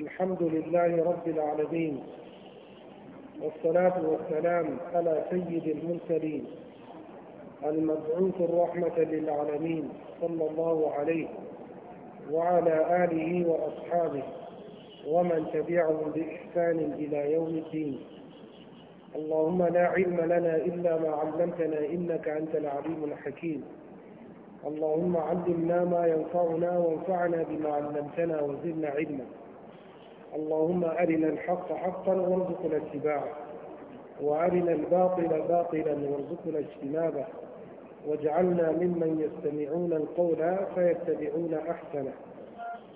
الحمد لله رب العالمين والصلاة والسلام على سيد المرسلين المبعوث الرحمة للعالمين صلى الله عليه وعلى آله وأصحابه ومن تبعهم بإحسان إلى يوم الدين اللهم لا علم لنا إلا ما علمتنا إنك أنت العليم الحكيم اللهم علمنا ما ينفعنا وانفعنا بما علمتنا وزدنا علما اللهم أرنا الحق حقا وارزقنا اتباعه وأرنا الباطل باطلا وارزقنا اجتنابه واجعلنا ممن يستمعون القول فيتبعون أحسنه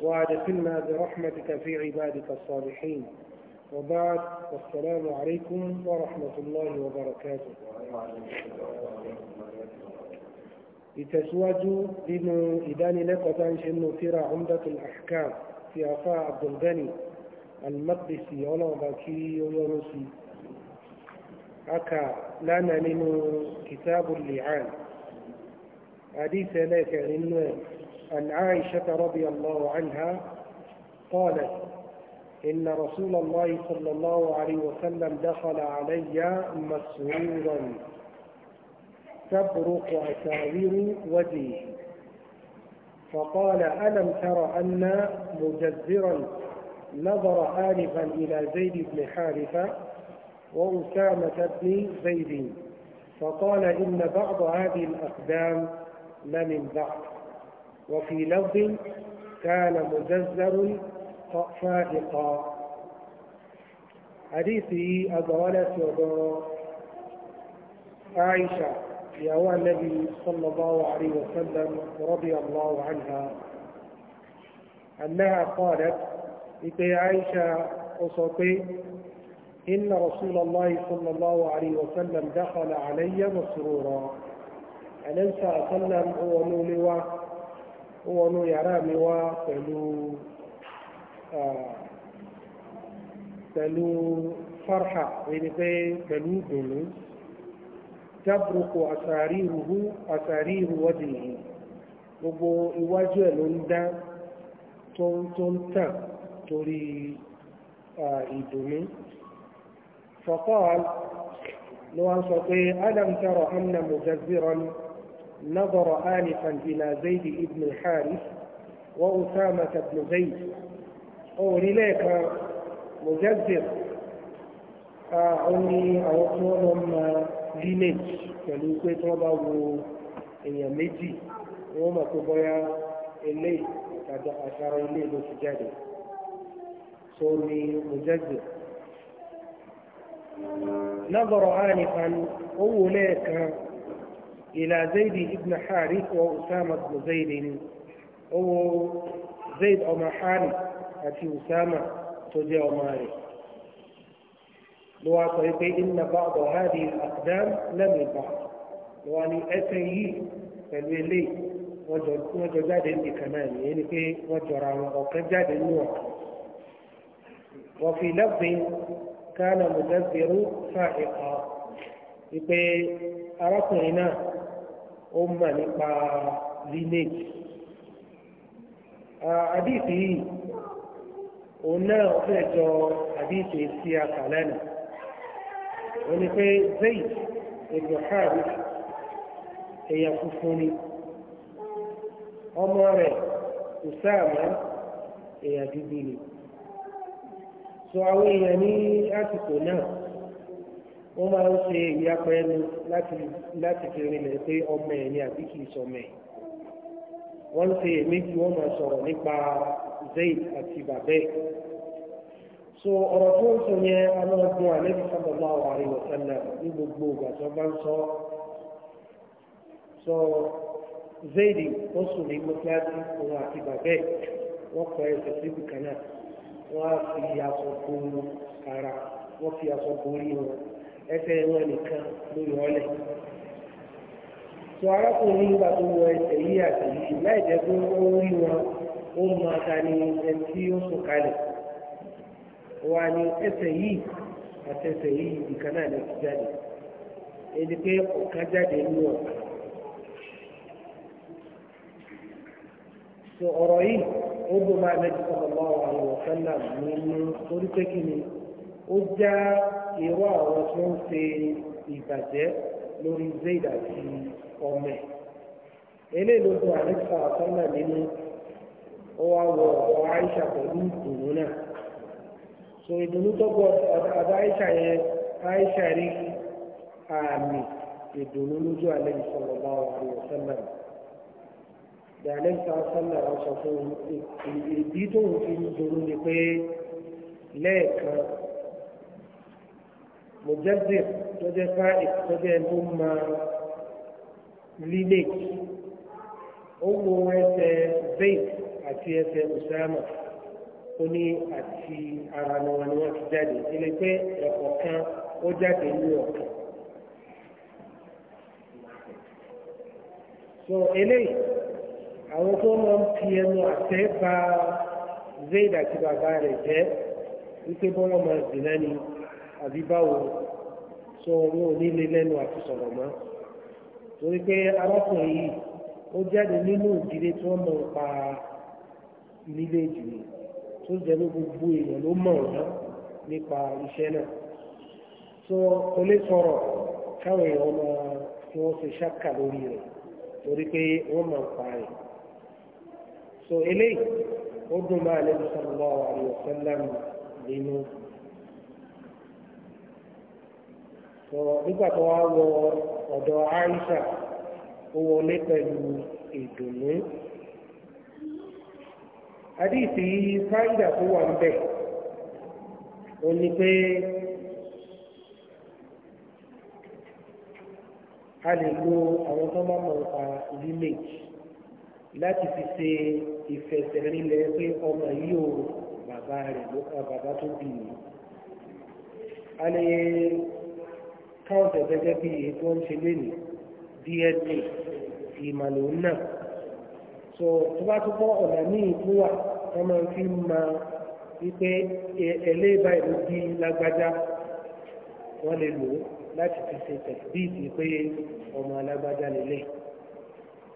وأدخلنا برحمتك في عبادك الصالحين وبعد والسلام عليكم ورحمة الله وبركاته يتزوجوا بنو إداني لقد أنش إنه ترى عمدة الأحكام في أفاء عبد الغني المقدسي ولا باكي ويروسي أكا لنا من كتاب اللعان حديث لك إن عائشة رضي الله عنها قالت إن رسول الله صلى الله عليه وسلم دخل علي مسرورا تبرق عساوير وجهه فقال ألم تر أن مجزرا نظر آلفا إلى زيد بن حارثة وأسامة بن زيد فقال إن بعض هذه الأقدام لمن بعض وفي لفظ كان مجزر فائقا حديثي أدرالة عائشة يا ànábì sallallahu الله عليه وسلم رضي الله عنها أنها قالت aisha ó sọ إن رسول الله صلى الله عليه وسلم دخل علي مسرورا أنسى أسلم هو نولوا هو نو يرامي تلو تلو فرحة يعني تلو دنو تبرق أساريره أسارير وجهه gbogbo iwájú ẹ̀ ló ń dá tó ń tàn فقال ló wá ń ألم تر أن مجزرا نظر آنفا إلى زيد بن الحارث وأسامة بن زيد أو لك مجزر أعني أو قول lineage pẹ̀lú pé tí wọ́n bá wo èèyàn méjì wọ́n mọ̀ pé bóyá ilé ìtajà àṣàrò ilé ló ti jáde tó ní mujazzi. نظر آنفا أولئك إلى زيد بن حارث وأسامة بن زيد أو زيد أو حارث أتي أسامة تجي أماري ló wá sọ pé iná bá ọ̀dọ̀ hádi àkùdám lẹ́nu ìbá ló wá ní ẹsẹ̀ yìí pẹ̀lú ilé wọ́n jọ jáde nìkan náà nìyẹn ni pé wọ́n jọra wọn ọ̀kan jáde ní ọ̀kan. wọ́n fi lẹ́gbẹ̀ẹ́ kánà mùdẹ́gbẹ̀rún fà ẹ̀kọ́ wípé arákùnrin náà ó mọ̀ nípa lineage. àdìsí yìí òun náà ó fẹ́ jọ àdìsí sí akàlẹ́ náà wọ́n pé zayd ibn harith ẹ̀yà funfun ni ọmọ rẹ̀ usama ẹ̀yà dúdú ni so àwọn èèyàn ní àsìkò náà wọ́n máa ń ṣe ìyapa ẹnu láti fi rinlẹ̀ pé ọmọ ẹ̀ ni àbí kìí sọmọ ẹ̀ wọ́n ṣe èméjì wọ́n máa sọ̀rọ̀ nípa zayd àti bàbá ẹ̀ so ọ̀rọ̀ tó ń sọ yẹn alọ́gbọ́n àlejò sábà máa wà ní ọ̀sẹ̀lẹ̀ ní gbogbo ìgbà tó bá ń sọ sọ zaidi ó sùn ní mọ́tíláṣí òun àti bàbẹ́ wọ́n kọ ẹsẹ̀ síbi kan náà wọ́n á fi aṣọ borí ara wọ́n fi aṣọ borí wọn ẹsẹ̀ wọn nìkan lórí ọlẹ̀ sọ arákùnrin nígbà tó wọ ẹsẹ̀ yìí àti yìí láì jẹ́ pé ó rí wọn ó máa ta ni ẹni tí ó sùn kalẹ̀ wà ní ẹsẹ̀ yìí àti ẹsẹ̀ yìí ìkan náà ló ti jáde ẹni pé ọ̀kan jáde ní ọ̀kan. so ọ̀rọ̀ yìí ó bó máa lẹ́jọ́ sallallahu alaihi wa sallam nínú orí pé kí ni ó já irú àwọn tó ń ṣe ìbàjẹ́ lórí zayd àti ọmọ ẹ̀ eléyìí ló bó àlẹ́jọ́ sallallahu alaihi nínú ó wá wọ ọ̀rọ̀ Aisha pẹ̀lú ìdùnnú náà so ìdùnnú tó gbọ́ ọ̀dọ̀ Aisha yẹn Aisha rí àmì ìdùnnú lójú àlejò sọ̀rọ̀ bá wà ní ọ̀sẹ̀lẹ̀ ní àlejò sọ̀rọ̀ sọ̀lẹ̀ wọn sọ fún ìdí tó ń fi dùnnú ni pé lẹ́ẹ̀kan mojazir tó jẹ́ fáìk tó jẹ́ tó máa lílé ó wo ẹsẹ̀ bẹ́ẹ̀ àti ẹsẹ̀ Usama ó ní àti ara ni wọn ni wọ́n ti jáde ilé pé ẹ̀kọ́ kan ó jáde ní ọ̀kan. so eléyìí àwọn tó máa ń fi ẹnu àtẹ́ bà zayd àti bàbá rẹ̀ jẹ́ wípé bọ́lá máa dìnnà ni àbí báwo so wọn ò ní lé lẹ́nu àti sọ̀rọ̀ mọ́ torí pé arákùnrin yìí ó jáde nínú ìdílé tí wọ́n mọ̀ pa nílé jù yìí tó jẹ́ pé gbogbo èèyàn ló mọ̀ wọ́n nípa iṣẹ́ náà so kò lè sọ̀rọ̀ káwọn èèyàn máa tí wọ́n ṣe ṣáka lórí rẹ̀ torí pé wọ́n máa pa rẹ̀ so eléyìí ó dùn máa lẹ́nu sallallahu alaihi wasallam nínú so nígbà tó wá wọ ọ̀dọ̀ Aisha ó wọlé pẹ̀lú ìdùnnú àdìsí fáìdà tó wà níbẹ̀ ó ní pé a lè lo àwọn tó máa mọ̀ nípa village láti fi ṣe ìfẹsẹ̀rinlẹ̀ pé ọmọ yìí o bàbá rẹ̀ ló ka bàbá tó bì í. a lè káwọ̀tẹ̀ gẹ́gẹ́ bí èyí tó ń ṣe lénìí DNA náà so tó bá tó bọ́ ọ̀nà míì tó wà wọ́n máa fi ma wípé ẹ̀lẹ́ báyìí ló di lágbájá wọ́n lè lò ó láti fi ṣe tẹ̀síbíìsì pé ọmọ alágbájá lélẹ̀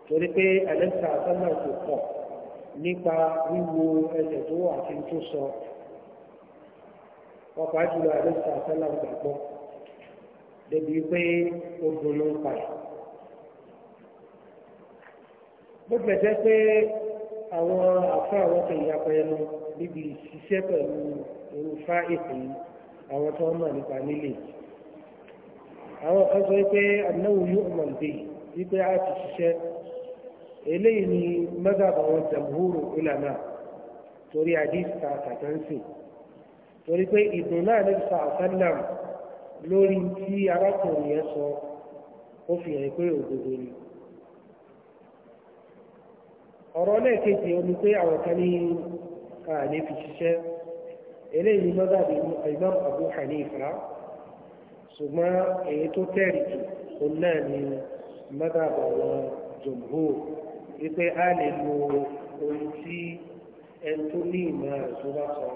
torí pé alexa sọ́nà kò pọ̀ nípa wíwo ẹsẹ̀ tó wà àti tó sọ ọkọ̀ àjùlọ alexa sọ́nà gbàgbọ́ débi pé obìnrin ń pa ẹ̀ bó tilẹ̀ jẹ́ pé àwọn afọ àwọn kan ìyapa ẹnu níbi ìṣiṣẹ́ pẹ̀lú irú fáìpì àwọn tó ń mọ̀ nípa nílé àwọn kan sọ pé anáwó yóò mọ̀ níbi wípé a ti ṣiṣẹ́ eléyìí ni mẹ́gàbà àwọn jàmbúrò ìlànà torí àdìsíta àtàtàǹsì torí pé ìdùnnú àdìsíta àtàlàm lórí tí arákùnrin yẹn sọ ó fi hàn pé òdodo ni ọ̀rọ̀ lẹ́ẹ̀kejì ó ní pé àwọn kan ní ààlè fi ṣiṣẹ́ eléyìí mọ́dàbí Imam Abu Hanifa ṣùgbọ́n èyí tó tẹ̀rì jù òun náà ni mọ́dàbí àwọn jumhur wípé a lè lo ohun tí ẹni tó ní ìmọ̀ rẹ̀ bá sọ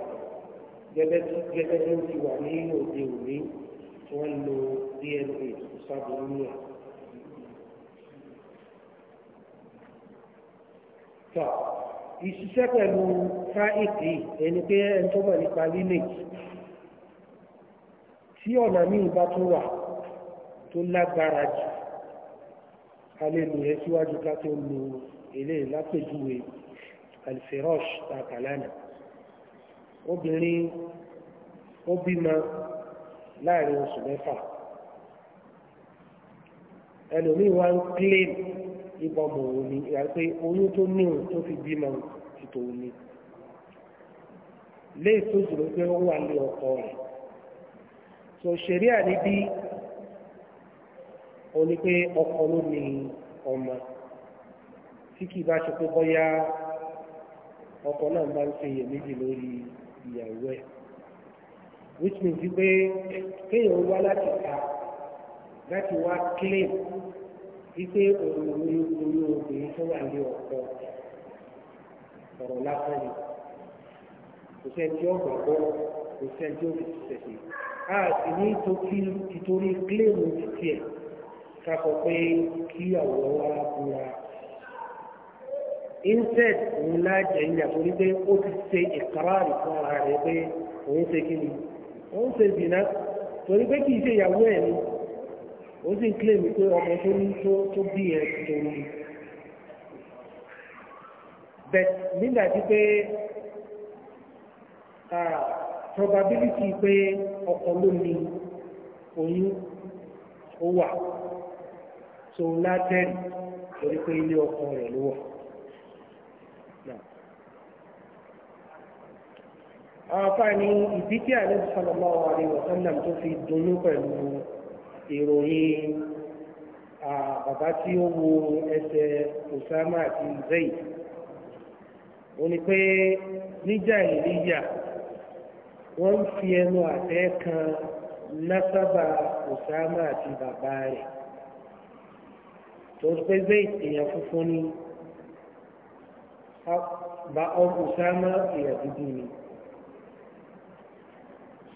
gẹ́gẹ́ tó ti wà ní òde òní tí wọ́n lo DNA ìsàbò nínú ẹ̀. tọ́ ìṣiṣẹ́ pẹ̀lú fáìkì ẹni pé ẹni tó mọ̀ nípa lineage tí ọ̀nà míì bá tún wà tó lágbára jù a lè lò ẹ́ síwájú ká tó lo eléyìí lápèjúwe alfirosh takalana obìnrin ó bímọ láàrin oṣù mẹ́fà ẹlòmíì wá ń claim ìbọmọ òun ni ìyá pé oyún tó ní òun tó fi bímọ ti tòun ni léè tó jùlọ pé ó wà ní ọkọ rẹ̀ so ṣẹ̀ríà níbí ó ní pé ọkọ ló ní ọmọ tí kì bá ṣe pé bọ́yá ọkọ náà bá ń ṣe iyèméjì lórí ìyàwó ẹ̀ which means pé kéèyàn wá láti ta láti wá claim wípé òun oyún oyún obìnrin tó wà ní ọ̀pọ̀ ọ̀rọ̀ lásán ni kò sẹ́ni tí ó gbàgbọ́ kò sẹ́ni tí ó fi ṣẹ̀ṣẹ̀ a sì ní títorí kílèmù títí ẹ̀ kakọ pé kí àwọ̀ wa búra instead òun lájẹ̀ ìyà torí pé ó ti ṣe ìkárààrì fún ara rẹ̀ pé òun ṣe kí ni òun ṣe zìnà torí pé kì í ṣe ìyàwó ẹ̀ ni ó sì ń kílèmí pé ọmọ tó ní tó bí ẹ tó ní bẹ́ẹ̀ nígbà tí pé probability pé ọkọ ló ní oyún ó wà tó látẹ́rì torí pé ilé ọkọ rẹ̀ ló wà. àwọn afáàní ìdí tí àlejò sọlọ́mọ́ àwọn àríwọ̀ sọ́nà tó fi dunnú pẹ̀lú ìròyìn bàbá tí ó wo ẹsẹ̀ Osama àti Zayi. ó ní pé níjà ìlíyà wọ́n ń fi ẹnu àtẹ́ kan násábà Usama àti bàbá rẹ̀ tó pé Zayd èèyàn funfun ni bá Usama èèyàn dúdú ni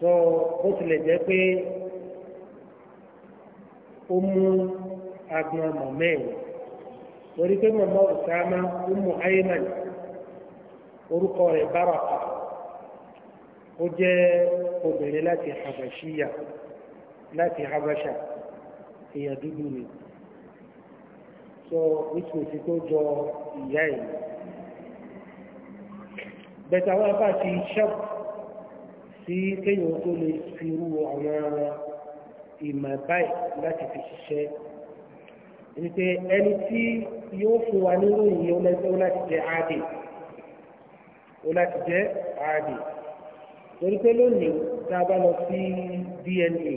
so bó tilẹ̀ jẹ́ pé ó mú agbọn ọmọ mẹ́rin torí pé mọ̀mọ́ Usama Ummu Ayman orúkọ rẹ̀ Baraka ó jẹ́ obìnrin láti Habashiya láti Habasha èèyàn dúdú ni sọ ìṣòsì tó jọ ìyá ẹ̀ bẹ̀tà wọn bá ti ṣọ́ọ̀bù sí kéèyàn tó lè fi rú àwọn ìmọ̀ báyìí láti fi ṣiṣẹ́ ẹni pé ẹni tí yóò fún wa nínú ìyẹn ó láti jẹ́ àádé ó láti jẹ́ àádé torí pé lónìí tá a bá lọ sí DNA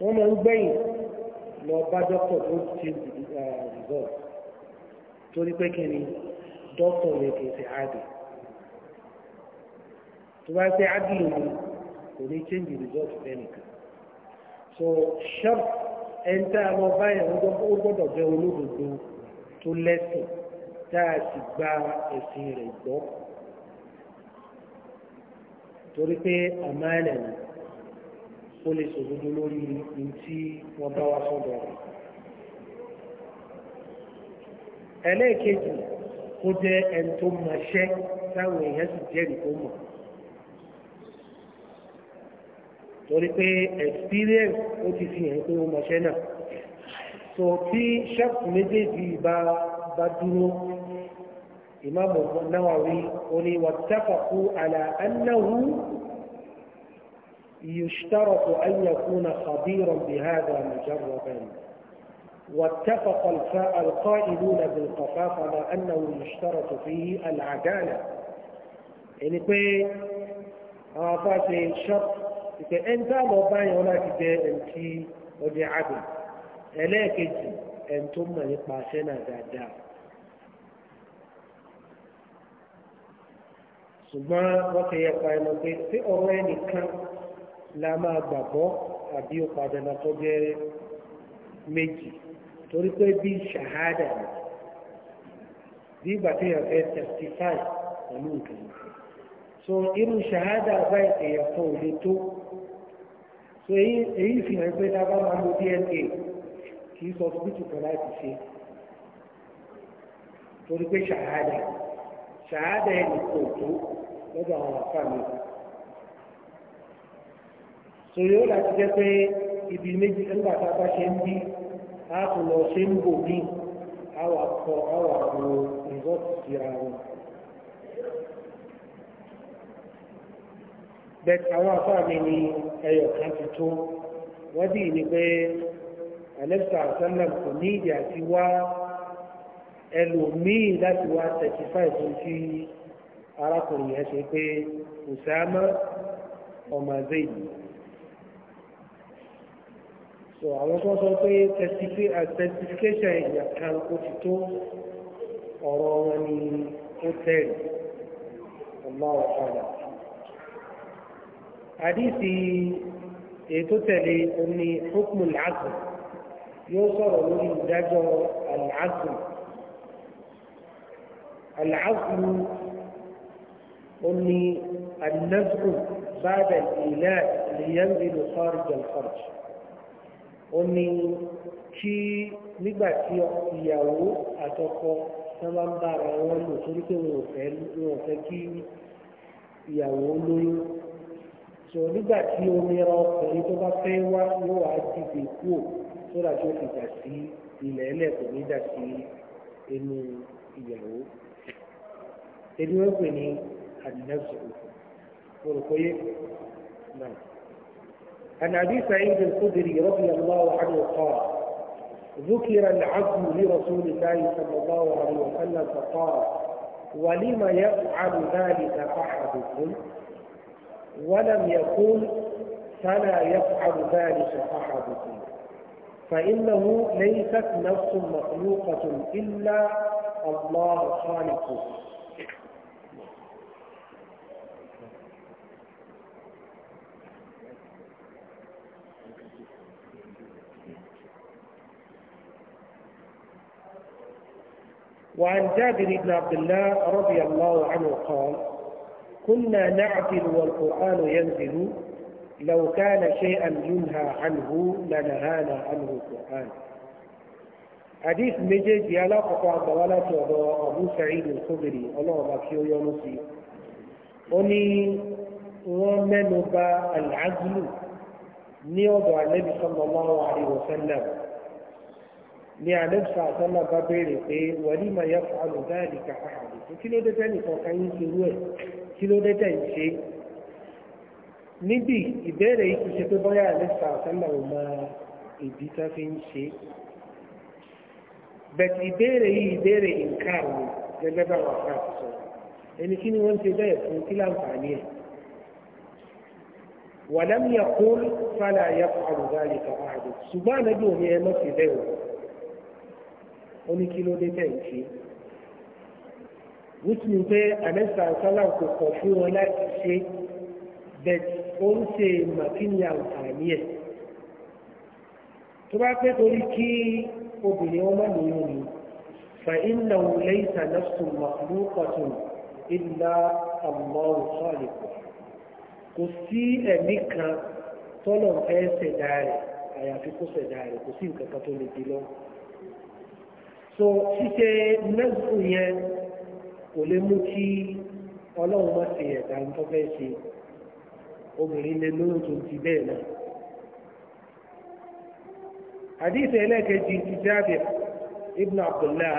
wọ́n máa ń gbẹ̀yìn lọ bá dókítà tó ti ṣe result torí pé kí ni dókítà yẹn kì ṣe àádé tó bá ṣe àádé yìí kò ní change the fẹ́ nìkan so sharp ẹni tá a lọ báyìí ó gbọ́dọ̀ jẹ́ olódodo tó lẹ́sìn tá a sì gba ẹ̀sìn rẹ̀ gbọ́ torí pé àmàlẹ̀ ni ó lè sòdodo lórí ní tí wọ́n bá wá sọ́dọ̀ rẹ̀ ẹlẹ́ẹ̀kejì kó jẹ́ ẹni tó mọṣẹ́ táwọn èèyàn sì jẹ́rìí tó mọ̀. torí pé experience ó ti fi hàn pé ó mọṣẹ́ náà so tí ṣẹ́ẹ̀kù méjèèjì bá dúró ìmáàmù náwàwí wà wàtàkàkú àlà annáhu يشترط أن يكون خبيرا بهذا مجردا واتفق القائلون بالقفاف على أنه يشترط فيه العدالة يعني كي أعطاك شرط ìpè ẹni tá a lọ bá yẹn wọn láti jẹ ẹni tí ó jẹ àgbẹ̀ ẹlẹ́ẹ̀kejì ẹni tó mọ̀ nípa aṣẹ́ náà dáadáa. ṣùgbọ́n wọ́n ti yẹ pa ẹnu pé tí ọ̀rọ̀ ẹnìkan la máa gbàgbọ́ àbí ó padà náà tó jẹ́ méjì torí pé bí ṣàhádà ni bí ìgbà fẹ́ testify pẹ̀lú nǹkan so irú ṣàhádà báyìí èèyàn kan ò le tó èyí fi hàn pé tá a bá máa lo dna kì í sọ síbítù kan láti ṣe torí pé ṣàhádà ṣàhádà ẹni kò tó lọ́dọ̀ àwọn àfààní. sòrí ó láti jẹ́ pé ibi méjì nígbà tá a bá ṣe ń bí a kò lọ ṣe ń bò ní àwọn àkọ àwọn àwọn ìrọ́sì ara wọn. bẹ́ẹ̀ àwọn afáàmì ni ẹyọ kan ti tó wọ́n dì ní pé alẹ́sà sálàm kò ní ìdí àti wá ẹlòmíì láti wá thirty five tó ti arákùnrin yẹn ṣe pé Usama ọmọ Zayd so àwọn tó sọ pé uh, certification ìyà kan ó ti tó ọ̀rọ̀ wọn ni ó tẹ̀lé ọlọ́ọ̀kadà àdìsí ètò tẹ̀lé omi hukmu al-asr yóò sọ̀rọ̀ lórí ìdájọ́ al-asr al-asr omi al-nazru بعد الإيلاء لينزل خارج الخرج ó ní kí nígbà tí ìyàwó àtọkọ tán bá ń bára wọn lò torí pé wọn ò fẹ́ kí ìyàwó lóyún so nígbà tí omi ẹran ọkùnrin tó bá fẹ́ wá ló wá dìde kúò sódà tó fi dà sí ilẹ̀ ẹlẹ́kọ̀ ní dà sí inú ìyàwó ẹni wọ́n pè ní àdínẹ́sọ̀ olùkóyè náà. عن سعيد الخدري رضي الله عنه قال ذكر العبد لرسول الله صلى الله عليه وسلم فقال ولم يفعل ذلك احدكم ولم يقول فلا يفعل ذلك أحدكم فإنه ليست نفس مخلوقة إلا الله خالقه وعن جابر بن عبد الله رضي الله عنه قال كنا نعقل والقرآن ينزل لو كان شيئا ينهى عنه لنهانا عنه القرآن حديث مجد يلاقى ضلالة أبو سعيد الخدري الله بكيو يونسي أني ومن با العزل نيوضع النبي صلى الله عليه وسلم ní àdẹ́bùsà àtọ́lá bá bèèrè pé wọ́n ní ma yẹ fún alùdáàdì kàkàkà kí ló dé tẹ́nìkan kan yín ti rú ẹ̀ kí ló dé tẹ̀ ń ṣe níbi ìbéèrè yìí ti ṣe pé bóyá àlẹ́sà àtàlà ò máa ìdí tá fi ń ṣe bẹ̀tì ìbéèrè yìí ìbéèrè nǹkan ni gẹ́gẹ́ bá wà fún àtúnṣe ẹni kí ni wọ́n ń bẹ́ẹ̀ fún kí láǹfààní ẹ̀ wàlám yà kó fàlà yà kó àlùdá yìí kà áàdù ṣùgbọ́n àlejò ni ẹ má ṣe bẹ́ẹ̀ o ó ní kí ló dé tẹ̀ ń ṣe nítorí pé àlẹ́sà sálà kò kọ̀ fún wọn láti ṣe bẹ́ẹ̀ ó ń ṣe màkínní àǹfààní ẹ̀ tó bá pẹ́ torí kí obìnrin ọmọ lóyún ni فإنه ليس نفس مخلوقة إلا الله خالقها kò sí ẹ̀mí kan tọ́lọ̀ fẹ́ ṣẹ̀dá rẹ̀ àyàfi kó ṣẹ̀dá rẹ̀ kò sí nǹkan kan tó lè di lọ. so ṣíṣe mẹ́sùn yẹn kò lè mú kí ọlọ́run má ṣe ẹ̀dá tó fẹ́ ṣe obìnrin lè lóyún tó ti bẹ́ẹ̀ náà. حديث إليك جي جابر ابن عبد الله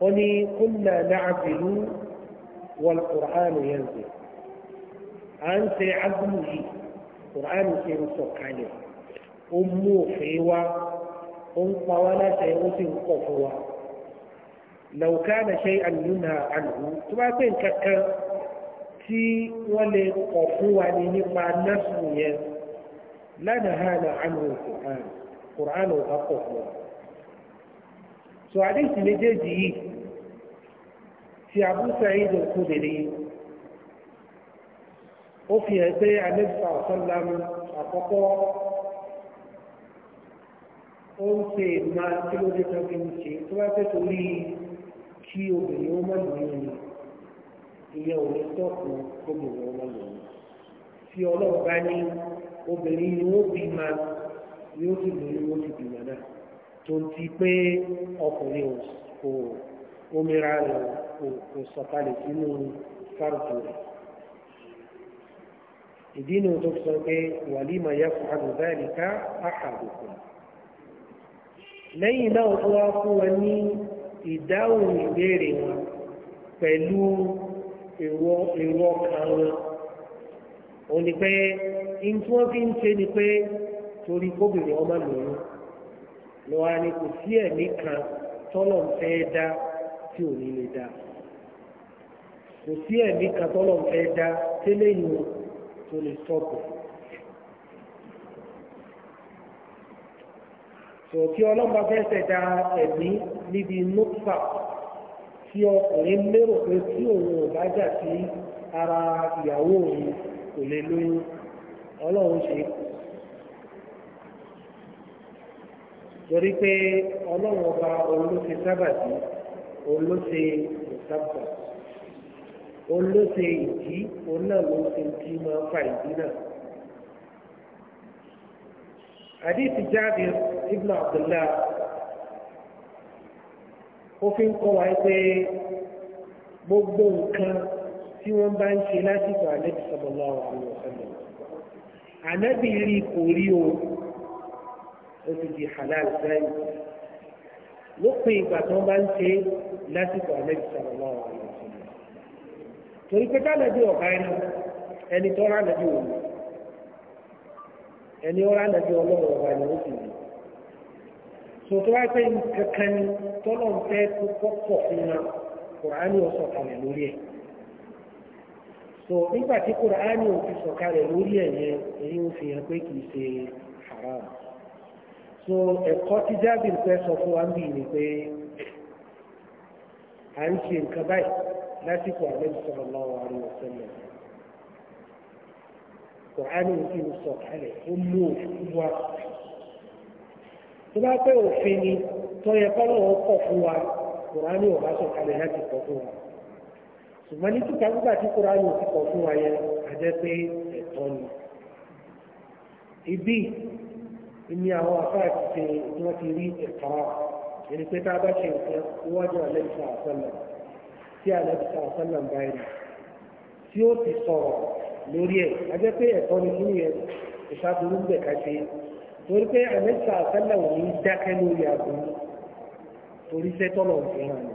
قني كنا نعزل والقرآن ينزل أنت عزمه قرآن سيرسل عليه أمه فيوا أم قوالا سيرسل قفوا law kana shay'an yunha anhu tó bá pé nǹkan kan tí wọ́n lè kọ̀ fún wa ní nípa nọ́ọ̀sì yẹn lánàá àánú kùránù kùránù ò bá kọ̀ fún wa. sọ àdéhùn méjèèjì yìí ti Abu Sa'id al-Khudri ó fi hàn pé anẹ́bùsà ọ̀sánlám àkọ́kọ́ ó ń ṣe ìmọ̀ kí ló dé tán fi ń ṣe tó bá fẹ́ kí obìnrin ó má lóyún ni ìyẹn ò ní tọ́kùn obìnrin ó má lóyún tí ọlọ́run bá ní obìnrin ni ó bí ma ni ó sì lóyún ó sì bímọ náà tó ń ti pé ọkùnrin kò omira rẹ̀ kò sọ̀kalẹ̀ sínú fárùtù rẹ̀ ìdí ni tó sọ pé wàlímà yẹ fún àgùnbáyìí ká àkàbùkù lẹ́yìn náà tó wá fún wa ní ìdáhùn ìbéèrè wọn pẹ̀lú èrò ọkàn wọn òun ni pé in tí wọ́n fi ń ṣe ni pé torí kóbìnrin ọmọ lòun lọ́wọ́ ni kò sí ẹ̀mí kan tọ́lọ̀ ń fẹ́ dá tí ò ní lè dá kò sí ẹ̀mí kan tọ́lọ̀ ń fẹ́ dá tẹ́lẹ̀ yìí tó lè sọ̀tọ̀. tí ọlọ́mọba fẹ́ ṣẹ̀dá ẹ̀mí níbi nọ́pà tí ọkùnrin lérò pé tí òun ò bá jà sí ara ìyàwó òun kò lè lóyún ọlọ́run ṣe. torí pé ọlọ́run ọba òun ló ṣe sábàtì òun ló ṣe ìsábà òun ló ṣe ìdí òun náà ló ṣe ìdí máa fa ìdí náà. àdìsí jáde ibn abdullah ó fi ń kọ́ wa pé gbogbo nǹkan tí wọ́n bá ń ṣe lásìkò ànábì sallallahu alaihi wasallam ànábì rí kò rí o ó ti di halal báyìí lópin ìgbà tí wọ́n bá ń ṣe lásìkò ànábì sallallahu alaihi wasallam torí pé ká lẹ́bí ọ̀gá ẹni ẹni tó rà lẹ́bí òun ẹni ó rà lẹ́bí ọlọ́run ọ̀gá ó sì rí tòótọ́ wá pé kankan ni tọ́lọ̀ ń fẹ́ kó pọ̀ fún wa kùránì ò sọ̀kalẹ̀ lórí ẹ̀ so nígbà tí kùránì ò fi sọ̀kalẹ̀ lórí ẹ̀ yẹn èyí ń fi hàn pé kìí ṣe haram so ẹ̀kọ́ tí jábìrì fẹ́ sọ fún wa ń bì ní pé à ń ṣe nǹkan báyìí lásìkò àlejò sọ̀rọ̀ lọ́wọ́ àríwọ̀ sẹ́lẹ̀ kùránì ò fi sọ̀kalẹ̀ ó mú òfin wa tó bá pẹ́ òfin ni tó yẹ kọ́ lọ́wọ́ kọ̀ fún wa kùránì ò bá sọ̀kalẹ̀ láti kọ̀ fún wa ṣùgbọ́n ní kíkà nígbà tí kùránì ò ti kọ̀ fún wa yẹn a jẹ́ pé ẹ̀tọ́ ni ibi ni àwọn afá ti ṣe tí wọ́n ti rí ẹ̀tọ́ ẹni pé tá a bá ṣe nǹkan níwájú àlẹ́bíṣà àṣọlá tí àlẹ́bíṣà àṣọlá ń bá ẹni tí ó ti sọ̀rọ̀ lórí ẹ̀ a pé ẹ̀tọ́ ni nínú yẹn torí ale àmẹ́sà àtẹ́lẹ̀ wọ́n ń dákẹ́ lórí àgbọn torí tọ́lọ̀ fẹ́ràn ni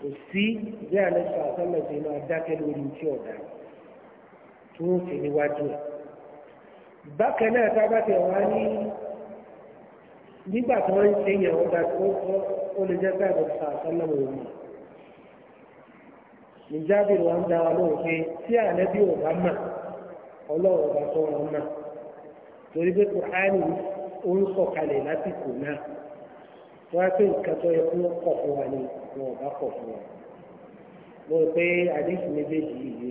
kò sí bí nke àtẹ́lẹ̀ ṣe máa dákẹ́ lórí tí ọ̀dà tí wọ́n ṣe níwájú ẹ̀. bákan náà tá wá ní nígbà tí wọ́n ń ṣe yẹn ọ̀dà tó ó lè jẹ́ àtẹ́lẹ̀ wọ́n wọn tí torí pé kùránì ó ń sọ̀kalẹ̀ lásìkò náà wọ́n á pé nǹkan tó yẹ kó kọ̀ fún wa ni wọn ò bá kọ̀ fún wa mo rò pé àdéhùn méjèèjì yìí yé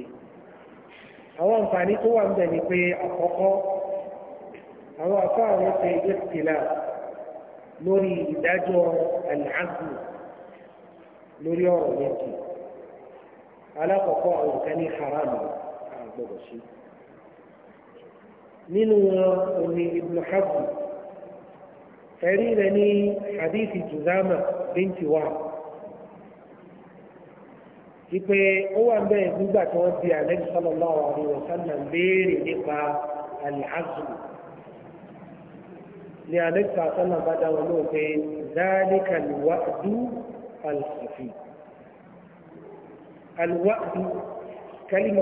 àwọn àǹfààní tó wà ń ni pé àkọ́kọ́ àwọn afọ àwọn ṣe haram àgbọ̀dọ̀ ṣe. nínú wọn òní ibn Hazm ẹ̀rí rẹ̀ ní hadith Juzama binti Wahb ìpè ó wà ń bẹ́ẹ̀ nígbà tí wọ́n di Ànábì sallallahu alaihi wa sallam béèrè nípa al-azm ni Ànábì sallallahu alaihi bá dáwọn lóògbé dhalika al-wa'du al-khafi al-wa'du kalima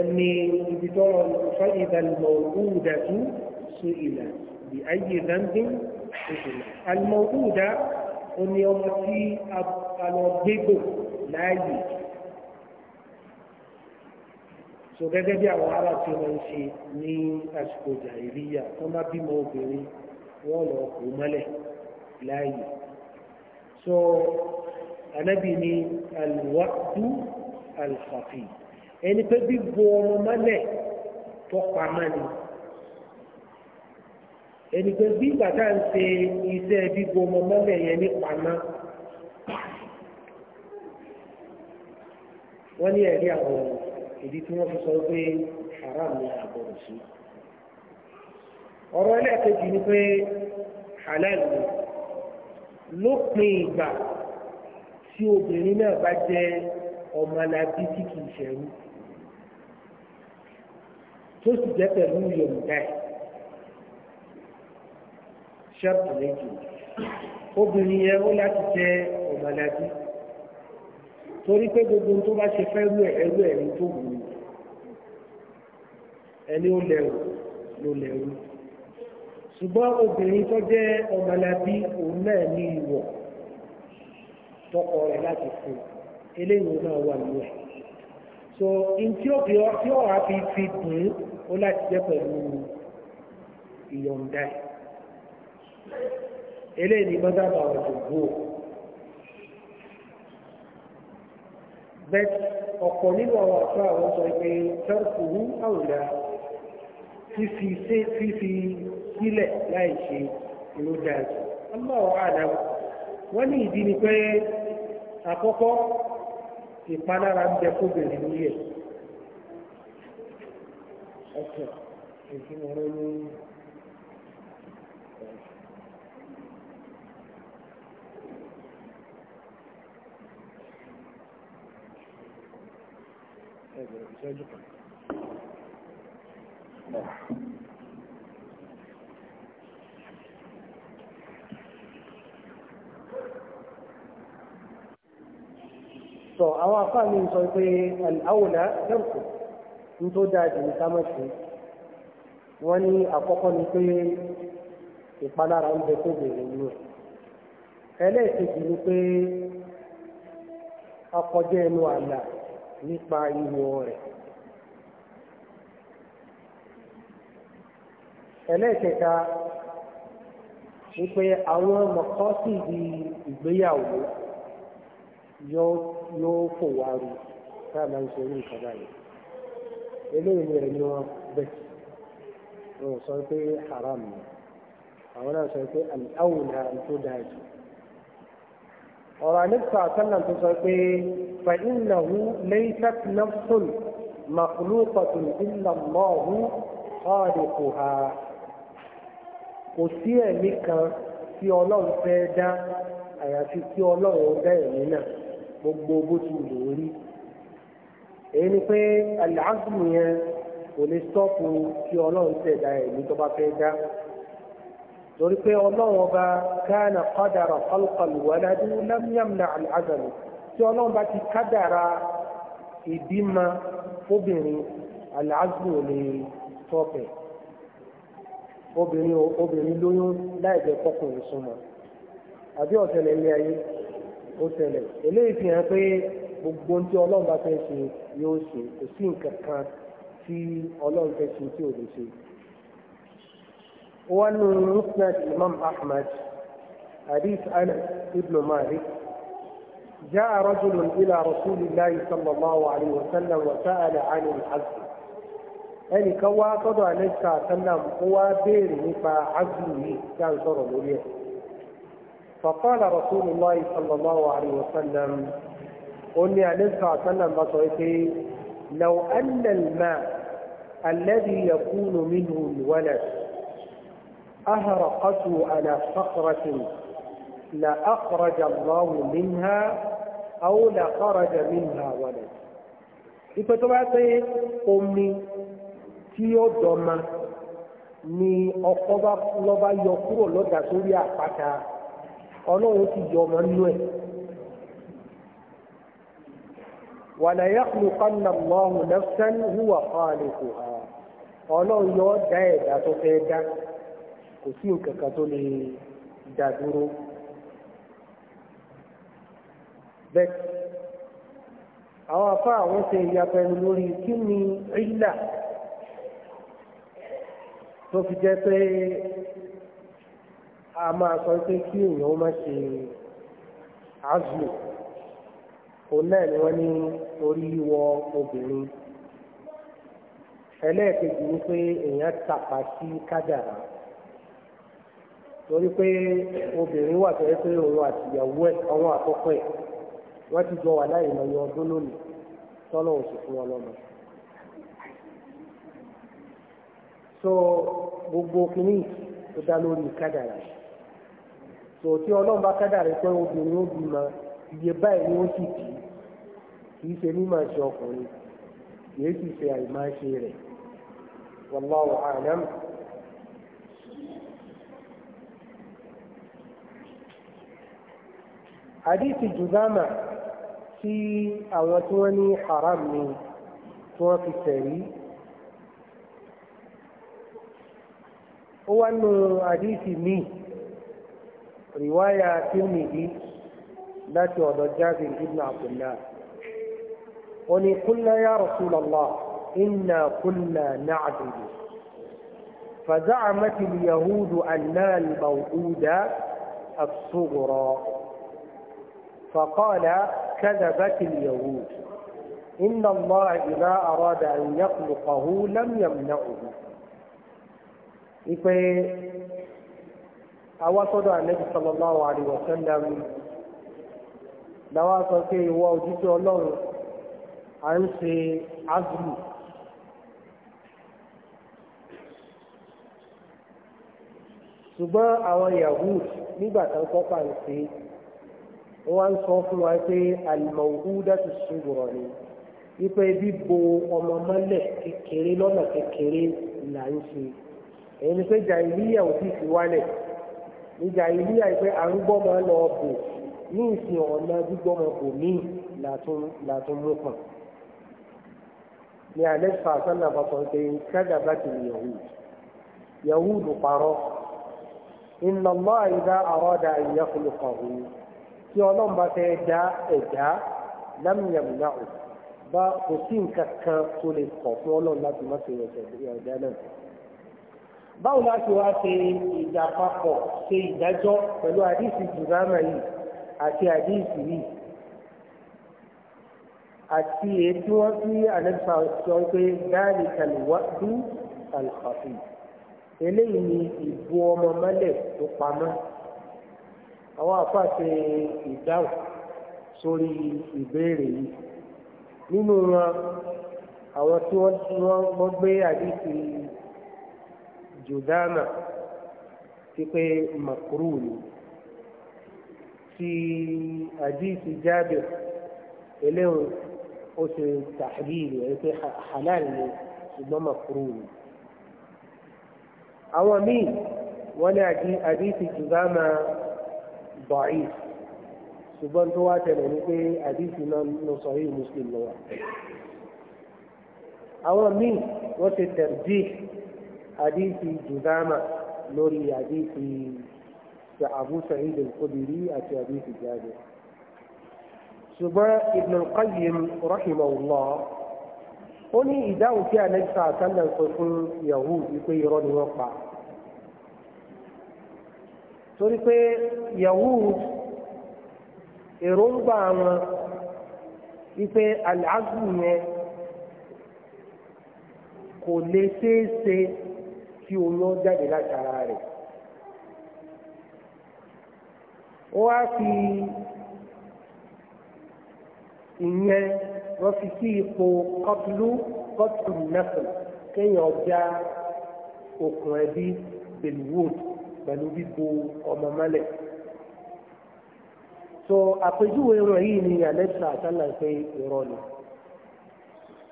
أني بدور فإذا الموءودة سئلت بأي ذنب سئلت الموءودة أني أمتي ألوبيبو láàyè so gẹ́gẹ́ bí àwọn ará tí wọ́n ń ṣe ní àsìkò jàìríyà wọ́n bá bímọ obìnrin wọ́n lọ kó mọ́lẹ̀ láàyè so anábì ni alwaqtu alkhafi. ẹni pé bíbo ọmọ mọ́lẹ̀ tọ́pa mọ́ni ẹni pé bí bàtà ń ṣe iṣẹ́ bíbo ọmọ mọ́lẹ̀ yẹn ní pamá wọ́n ní ẹ̀rí àwọn ìdí tí wọ́n fi sọ pé haram ni àbọ̀rọ̀ sí ọ̀rọ̀ ẹlẹ́ẹ̀kejì ni pé halal ni lópin ìgbà tí obìnrin náà bá jẹ́ ọmọlábí tí kìí ṣẹ̀rú tó sì jẹ́ pẹ̀lú yòǹda ẹ̀ ṣọ́ọ̀tù méjì obìnrin yẹn ó láti jẹ́ ọ̀mọ̀lẹ́bí torí pé gbogbo tó bá ṣe fẹ́ rú ẹ̀ ẹrú ẹ̀ ní tó wù ú ẹni ó lẹ̀rù ló lẹ̀rù ṣùgbọ́n obìnrin tó jẹ́ ọmọlábí òun náà ní ìwọ̀ tọkọ rẹ̀ láti fún eléyìí náà wà ní ẹ̀ so ntí ó fi tí ó fi fi dùn ún ó láti jẹ́ pẹ̀lú ìyọ̀ǹda ẹ̀ eléyìí ni mọ́tà bá wà dùgbò bẹ́ẹ̀ ọ̀pọ̀ nínú àwọn àṣọ àwọn sọ pé tẹ́rùkùrú àwùdá fífi ṣe fífi sílẹ̀ láì ṣe ìlú dájú ọlọ́wọ́ àdáwọ̀ wọ́n ní ìdí ni pé àkọ́kọ́ ìpalára ń bẹ fóbìnrin nílé ẹ̀ ẹsẹ̀ èsì mẹ́rin ní ẹgbẹ̀rún ìṣẹ́jú kan. So, àwọn afáàmì sọ pé al'aula lẹ́rùkù. ní tó dáa jù ní sámọ̀sí wọ́n ní àkọ́kọ́ ni pé ìpalára ẹlẹ́ẹ̀kejì ni pé ọkọjẹ́ ẹnu àlà nípa ìwọ̀ rẹ̀ ẹlẹ́ẹ̀kẹta wípé àwọn ìgbéyàwó eléyìí ni ẹ̀yìn wọn bẹ̀ wọn sọ pé haram ni àwọn náà sọ pé àwùjọ tó dáa jù ọ̀rọ̀ àníkà sọ́nà tó sọ pé فإنه ليست نفس مخلوقة إلا الله خالقها kò sí ẹ̀mí kan tí ọlọ́run fẹ́ dá àyàfi tí ọlọ́run dá ẹ̀mí náà gbogbo bó ti lò ó rí èyí ni pé àlàáfù yẹn kò lè stọ́ọ̀pù kí ọlọ́run ṣẹ̀dá ẹ̀mí tó bá fẹ́ dá torí pé ọlọ́run ọba káàna kádàrà kọlùkọlù wàládì lámìyàmìlà àlàzàlù tí ọlọ́run bá ti kádàrà ìbímọ fóbìnrin àlàáfù ò lè obìnrin obìnrin lóyún láì jẹ́ kọkùnrin súnmọ́ àbí ọ̀sẹ̀lẹ̀ ilé ayé ó eléyìí fi hàn pé gbogbo tí ọlọ́run bá fẹ́ ṣe yóò ṣe kò sí nǹkan kan tí ọlọ́run fẹ́ ṣe tí ò lè ṣe. wọ́n nu musnad imam ahmad hadith anas ibn malik جاء رجل إلى رسول الله صلى الله عليه وسلم وسأل عن العزل ẹnì kan wá sọ́dọ̀ àlẹ́sà sálàm ó wá béèrè nípa azù yìí tí a ń sọ̀rọ̀ lórí ẹ̀. فقال رسول الله صلى الله عليه وسلم قلنا عليه الصلاة والسلام بصيته لو أن الماء الذي يكون منه الولد أهرقته على صخرة لأخرج الله منها أو لخرج منها ولد ìpẹ̀tọ́bá pé omi tí ó dọ̀ma ni ọkọ̀ lọ́ba yọ kúrò lọ́dà sórí àpáta ọlọ́run ti yọ ọmọ nínú ẹ̀ wàlẹ̀ yakhluqanna Allahu nafsan huwa khaliquha ọlọ́run yọ dá ẹ̀dá tó fẹ́ dá kò sí òkèkà tó lè dá dúró. bẹ́ẹ̀ àwọn afá àwọn ṣe ìyapẹnu lórí kí ni ìlà tó fi jẹ́ pé a máa sọ pé kí èèyàn má ṣe azù òun náà ni wọ́n ní orí wọ obìnrin ẹlẹ́ẹ̀kejì ni pé èèyàn tàpá sí kádàrá torí pé obìnrin wà tẹ́lẹ̀ pé òun àti ìyàwó ẹ̀ àwọn àkọ́kọ́ ẹ̀ wọ́n ti jọ wà láì lọ́yọ̀ ọdún lónìí tọ́lọ̀ òsì fún wọn lọ́mọ. so gbogbo kìíní tó dá lórí kádàrá so tí ọlọ́run bá kádàrá pé obìnrin ó bímọ iye báyìí ni ó sì kì í kì í ṣe mímọ̀ ṣe ọkùnrin kì í sì ṣe àìmáṣe rẹ̀ wallahu a'lam. hadithi judama tí àwọn tí wọ́n ní haram ni tí wọ́n fi tẹ̀rí ó wá nù hadithi míì riwaya Tirmidhi láti ọ̀dọ̀ Jabir ibn Abdullah قل قلنا يا رسول الله إنا كنا نعبد فزعمت اليهود أن الموعود الصغرى فقال كذبت اليهود إن الله إذا أراد أن يخلقه لم يمنعه إذا أوصد sọdọ anabi sallallahu alaihi wa sallam lawa sọ pé ìwọ òjíṣẹ́ à ń ṣe azlu ṣùgbọ́n àwọn yahoo nígbà tó ń kọ́pà ń ṣe wọ́n ń sọ fún wa pé alimọ̀húdá ti ṣubùrọ̀ ni wípé bíbo ọmọ mọ́lẹ̀ kékeré lọ́nà kékeré là ń ṣe èyí ni pé jàìlíyà ò sì fi wálẹ̀ ní jàìlíyà pé àrúgbọ́mọ lọ bò ní ìsìn ọ̀nà gbígbọ́mọ bò míì làtún mú kàn ní alẹ́ fàásánà bàtọ̀ pé kẹ́gà bá ti yahud yahud parọ́ iná mọ́ àyíká àrọ́dà ìyẹ́kùnú kọ̀ọ̀hún tí ọlọ́mọba fẹ́ dá ẹ̀dá lámìyàmìnà ò bá kò sí nǹkan kan tó lè kọ̀ fún ọlọ́run láti má ṣe ẹ̀dá náà. báwo la ṣe wá ṣe ìjà papọ̀ ìdájọ́ pẹ̀lú àdìsí jùlámà yìí àti àdìsí yìí àti ètí wọ́n sí àlẹ́fà sọ pé dáàlì kàlùwádú àlùfàfì eléyìí ni ìbú ọmọ mọ́lẹ̀ tó pamọ́ àwọn àfàṣe ìdáhùn sórí ìbéèrè yìí nínú wọn àwọn tí wọ́n gbé àdìsí jùdánà ti pé màkúrú ni ti àdìsí jábẹ̀ eléhùn ó ṣe tàhílì ẹ̀ pé halal ni ṣùgbọ́n makruh ni. àwọn míì wọ́n ní àdìsí Juzama da'if ṣùgbọ́n tó wá tẹ̀lé ní pé àdìsí náà ló sọ yìí Muslim lọ́wọ́. àwọn míì wọ́n ṣe tarjih àdìsí Juzama lórí àdìsí Abu Sa'id al-Khudri àti àdìsí Jabir. ṣùgbọ́n Ibn al-Qayyim rahimahullah ó ní ìdáhùn tí anẹ́sà àtàlẹ̀ sọ fún yahoo wípé irọ́ ni wọ́n pa torí pé yahoo èròǹgbà wọn wípé àlàáfù yẹn kò lè ṣeé kí oyún jáde láti ara rẹ̀ wọ́n á ìyẹn wọ́n fi sí ipò kọ́tùlù kọ́tùlù nẹ́fẹ̀ kéèyàn já okùn ẹbí pẹ̀lú wood pẹ̀lú bíbo ọmọ mọ́lẹ̀. so àpèjúwe wọn yìí ni alexa àtàlà pé irọ́ ni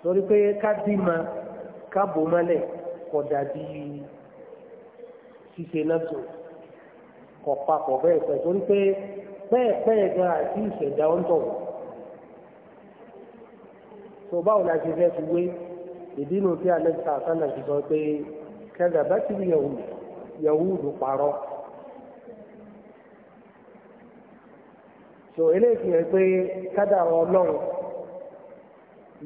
torí pé ká bímọ ká bò mọ́lẹ̀ kò dàbí ṣíṣe náà tó kọ̀ papọ̀ bẹ́ẹ̀ pẹ̀ torí pé bẹ́ẹ̀ bẹ́ẹ̀ gan àti ìṣẹ̀dá ń tọ̀wọ̀ tó báwo la ṣe fẹ́ fi wé ìdínú tí alẹ́sà àtàlà ti sọ pé kẹ́gà bá ti rí yahudu parọ́ so eléyìí fi hàn pé kádàrá ọlọ́run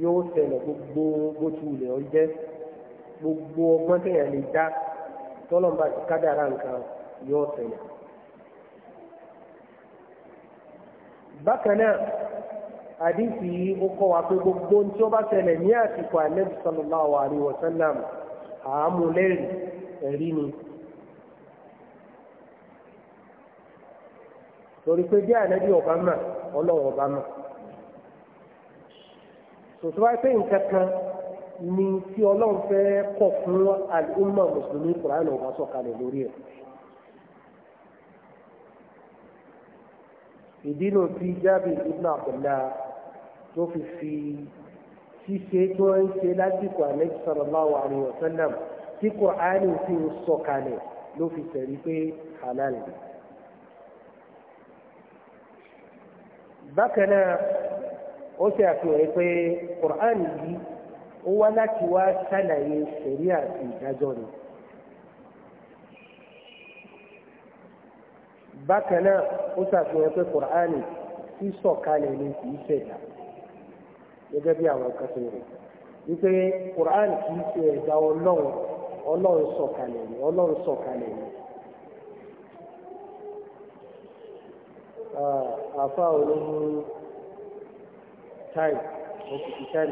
yóò ṣẹlẹ̀ gbogbo bó ti wulẹ̀ ọ jẹ́ gbogbo ọgbọ́n tẹ̀yàn lè dá tọ́lọ́mbà ti kádàrá nǹkan yóò ṣẹlẹ̀ bákan náà àdìsí ó kọ́ wa pé gbogbo tí ó bá ṣẹlẹ̀ ní àsìkò àlẹ́bí sallallahu alaihi wa sallam àámú lẹ́rìí ẹ̀rí ni. torí pé bí àlẹ́bí ọba mà ọlọ́run ọba mà. sòtú wáyé pé nǹkan kan ni tí ọlọ́run fẹ́ kọ̀ fún àlùmọ̀ mùsùlùmí kùránù ọba sọ̀kalẹ̀ lórí ẹ̀. ìdí nù sí jábì ibn Abdullah tó fi fi ṣíṣe tó ń ṣe lásìkò àlẹ́kì sallallahu alaihi wasallam tí Kùránì fi ń sọ̀kalẹ̀ ló fi tẹ̀rí pé halal ni. bákan náà ó ṣe àfihàn pé Kùránì yìí ó wá láti wá ṣàlàyé ṣẹ̀rí àti ìdájọ́ ni. bákan náà ó ṣàfihàn pé Kùránì sísọ̀kalẹ̀ ni kì í ṣẹ̀dá. gẹ́gẹ́ bí àwọn kan ṣe wípé Quran kì í ṣe ẹ̀dá ọlọ́run ọlọ́run sọ̀kalẹ̀ ni ọlọ́run sọ̀kalẹ̀ ni. àfa olóhùn táì táì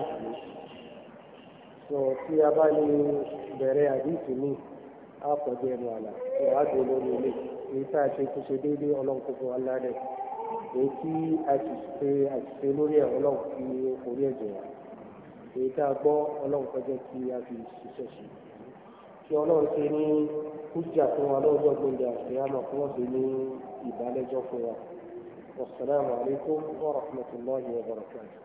sọ tí a bá lè bẹ̀rẹ̀ àdìsí mi á ẹnu àlà ìwádìí ilé ṣe kó ṣe èyí tí a ti ṣe àṣìṣe lórí ẹ̀ ọlọ́run fi orí ẹ̀jẹ̀ wá èyí tá a gbọ́ ọlọ́run kọjá kí a fi ṣiṣẹ́ ṣe kí ọlọ́run ṣe ní kújà fún wa lọ́jọ́ gbọ́dọ̀ àṣeyàmọ̀ fún wọn ṣe ní ìbálẹ́jọ́ fún wa wasalaamu alaykum wa rahmatulahi wa barakatuh.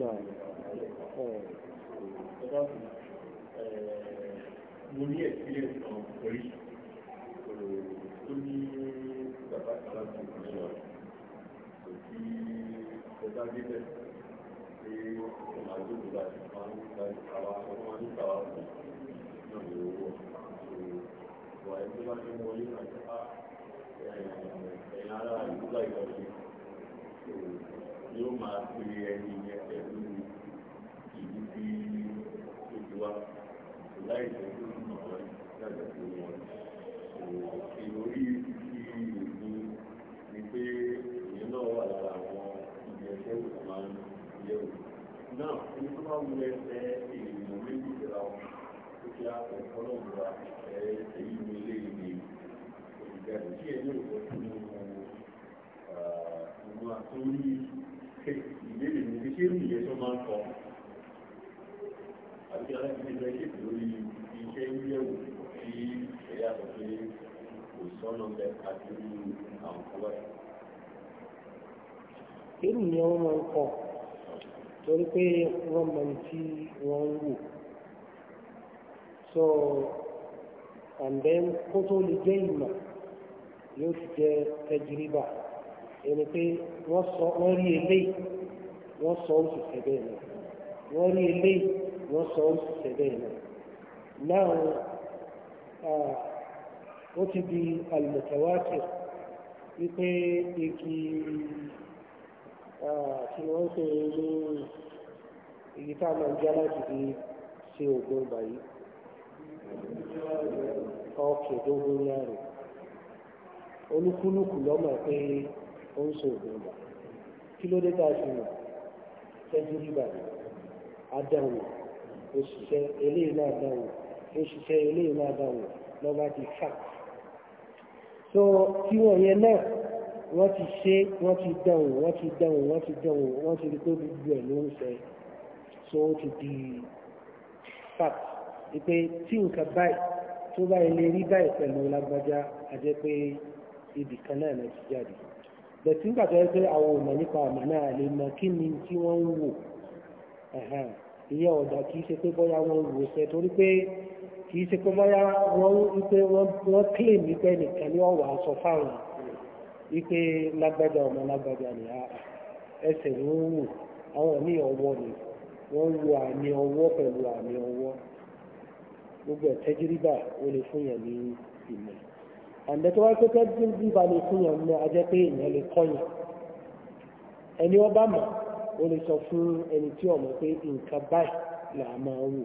náà mo ní ẹ̀sílẹ̀ kan pẹ̀lú tó ní bàbá ìsàlámù ìgbìmọ̀ kò sí ọjọ́ agbẹ́bẹ̀ pé ọmọ àjọyọ̀ bá ti máa ń gba ìtawà ọmọ nígbàwà fún náà ní owó ìwà ẹgbẹ́ bá ti wọlé àti ẹ̀yìn ara ìgbà yóò máa pe ẹni yẹn pẹ̀lú ìlú bí ó ti wá láì jẹ́ kó ń mọ̀ ọ́ láti fi wọn. Ìròrí ti èmi ni pé ìyẹn náà wà lára àwọn ìyẹn ẹgbẹ́ òkú máa ń yẹ wò. Náà ní tó bá wulẹ̀ ẹ èèyàn méjì jẹra wọn tó fi àpò ọlọ́gbà ẹ èyí ní ilé ìwé òṣìṣẹ́ tí ẹ ní òkú nínú inú àtúnyí ìbéèrè mi ti ṣé nìyẹn tó máa ń kọ àti aláìsí ẹgbẹ́ ṣètò lórí iṣẹ́ yíyẹ̀wò tí ẹ̀yà sọ pé kò sọ́nà bẹ àti irú àwọn kọ́wá yìí. irú yẹn wọ́n máa ń kọ torí pé wọ́n mọ tí wọ́n ń wò so and then kó tó lè jẹ́ ìmọ̀ yóò ti jẹ́ tẹjúríbà ẹni pé wọ́n sọ wọ́n rí eléyìí wọ́n sọ oṣù tẹ̀bẹ̀ náà wọ́n rí eléyìí wọ́n sọ oṣù tẹ̀bẹ̀ náà náà ó ti di àlùmọ̀tẹ̀wáṣẹ̀ wípé igi tí wọ́n ń pè ní èyí tá a máa ń já láti fi ṣe òògùn ibà yìí tó ń yára olúkúlùkù lọ́mọ pé ó ń ṣe òdòdó kí ló dé tá a fi mọ̀ tẹ́jú rígbà adáwò òṣìṣẹ́ eléyìí náà dáwò òṣìṣẹ́ eléyìí náà dáwò lọ́ba ti fà. so tí wọ́n yẹn náà wọ́n ti ṣe wọ́n ti dáwò wọ́n ti dáwò wọ́n ti dáwò wọ́n ti rí pé gbogbo ẹ̀ ló ń ṣe so ó ti di fà pé tí nǹkan báyìí tó báyìí lè rí báyìí pẹ̀lú lágbájá a jẹ́ pé ibì kan náà ló ti jáde. bẹ̀tí nígbà tó yẹ pé àwọn ò mọ̀ nípa àmàna àlè mọ̀ kí ni tí wọ́n ń wò ìyẹn ọ̀dà kìí í ṣe pé bóyá wọ́n wò ṣe torí pé kìí ṣe pé bóyá wọ́n wípé wọ́n nìkan ni wọ́n sọ fáwọn wípé ni ẹsẹ̀ wò àwọn ní ọwọ́ ni wọ́n wo àǹdẹ tó wá pé tẹ́jú bí ba lè fún yàn ní ajẹ́ pé èèyàn lè kọ́ yàn ẹni ọba mọ̀ o lè sọ fún ẹni tí ọmọ pé nǹkan báyìí là á máa wò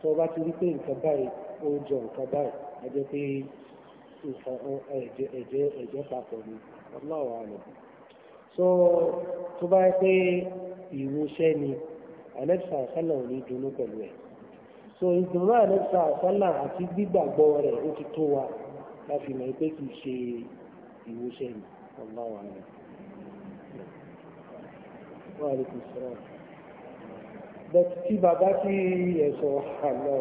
tó bá ti rí pé nǹkan báyìí ó jọ nǹkan báyìí ajẹ́ pé ẹ̀jẹ̀ ẹ̀jẹ̀ papọ̀ ni ọlọ́wọ́ àlọ́ so tó bá yẹ pé ìwúṣẹ́ ni anẹ́tìsà àṣálà ò ní dunú pẹ̀lú ẹ̀ so ìdùnnú anẹ́tìsà àṣálà àti gbígbàgbọ́ rẹ̀ ó ti tó wa láti mọ̀ pé kìí ṣe ìwòsàn yìí ọ̀gá wà ní. wọ́n rí kò sọ̀rọ̀. but tí bàbá tí ẹ̀sọ̀ àlọ́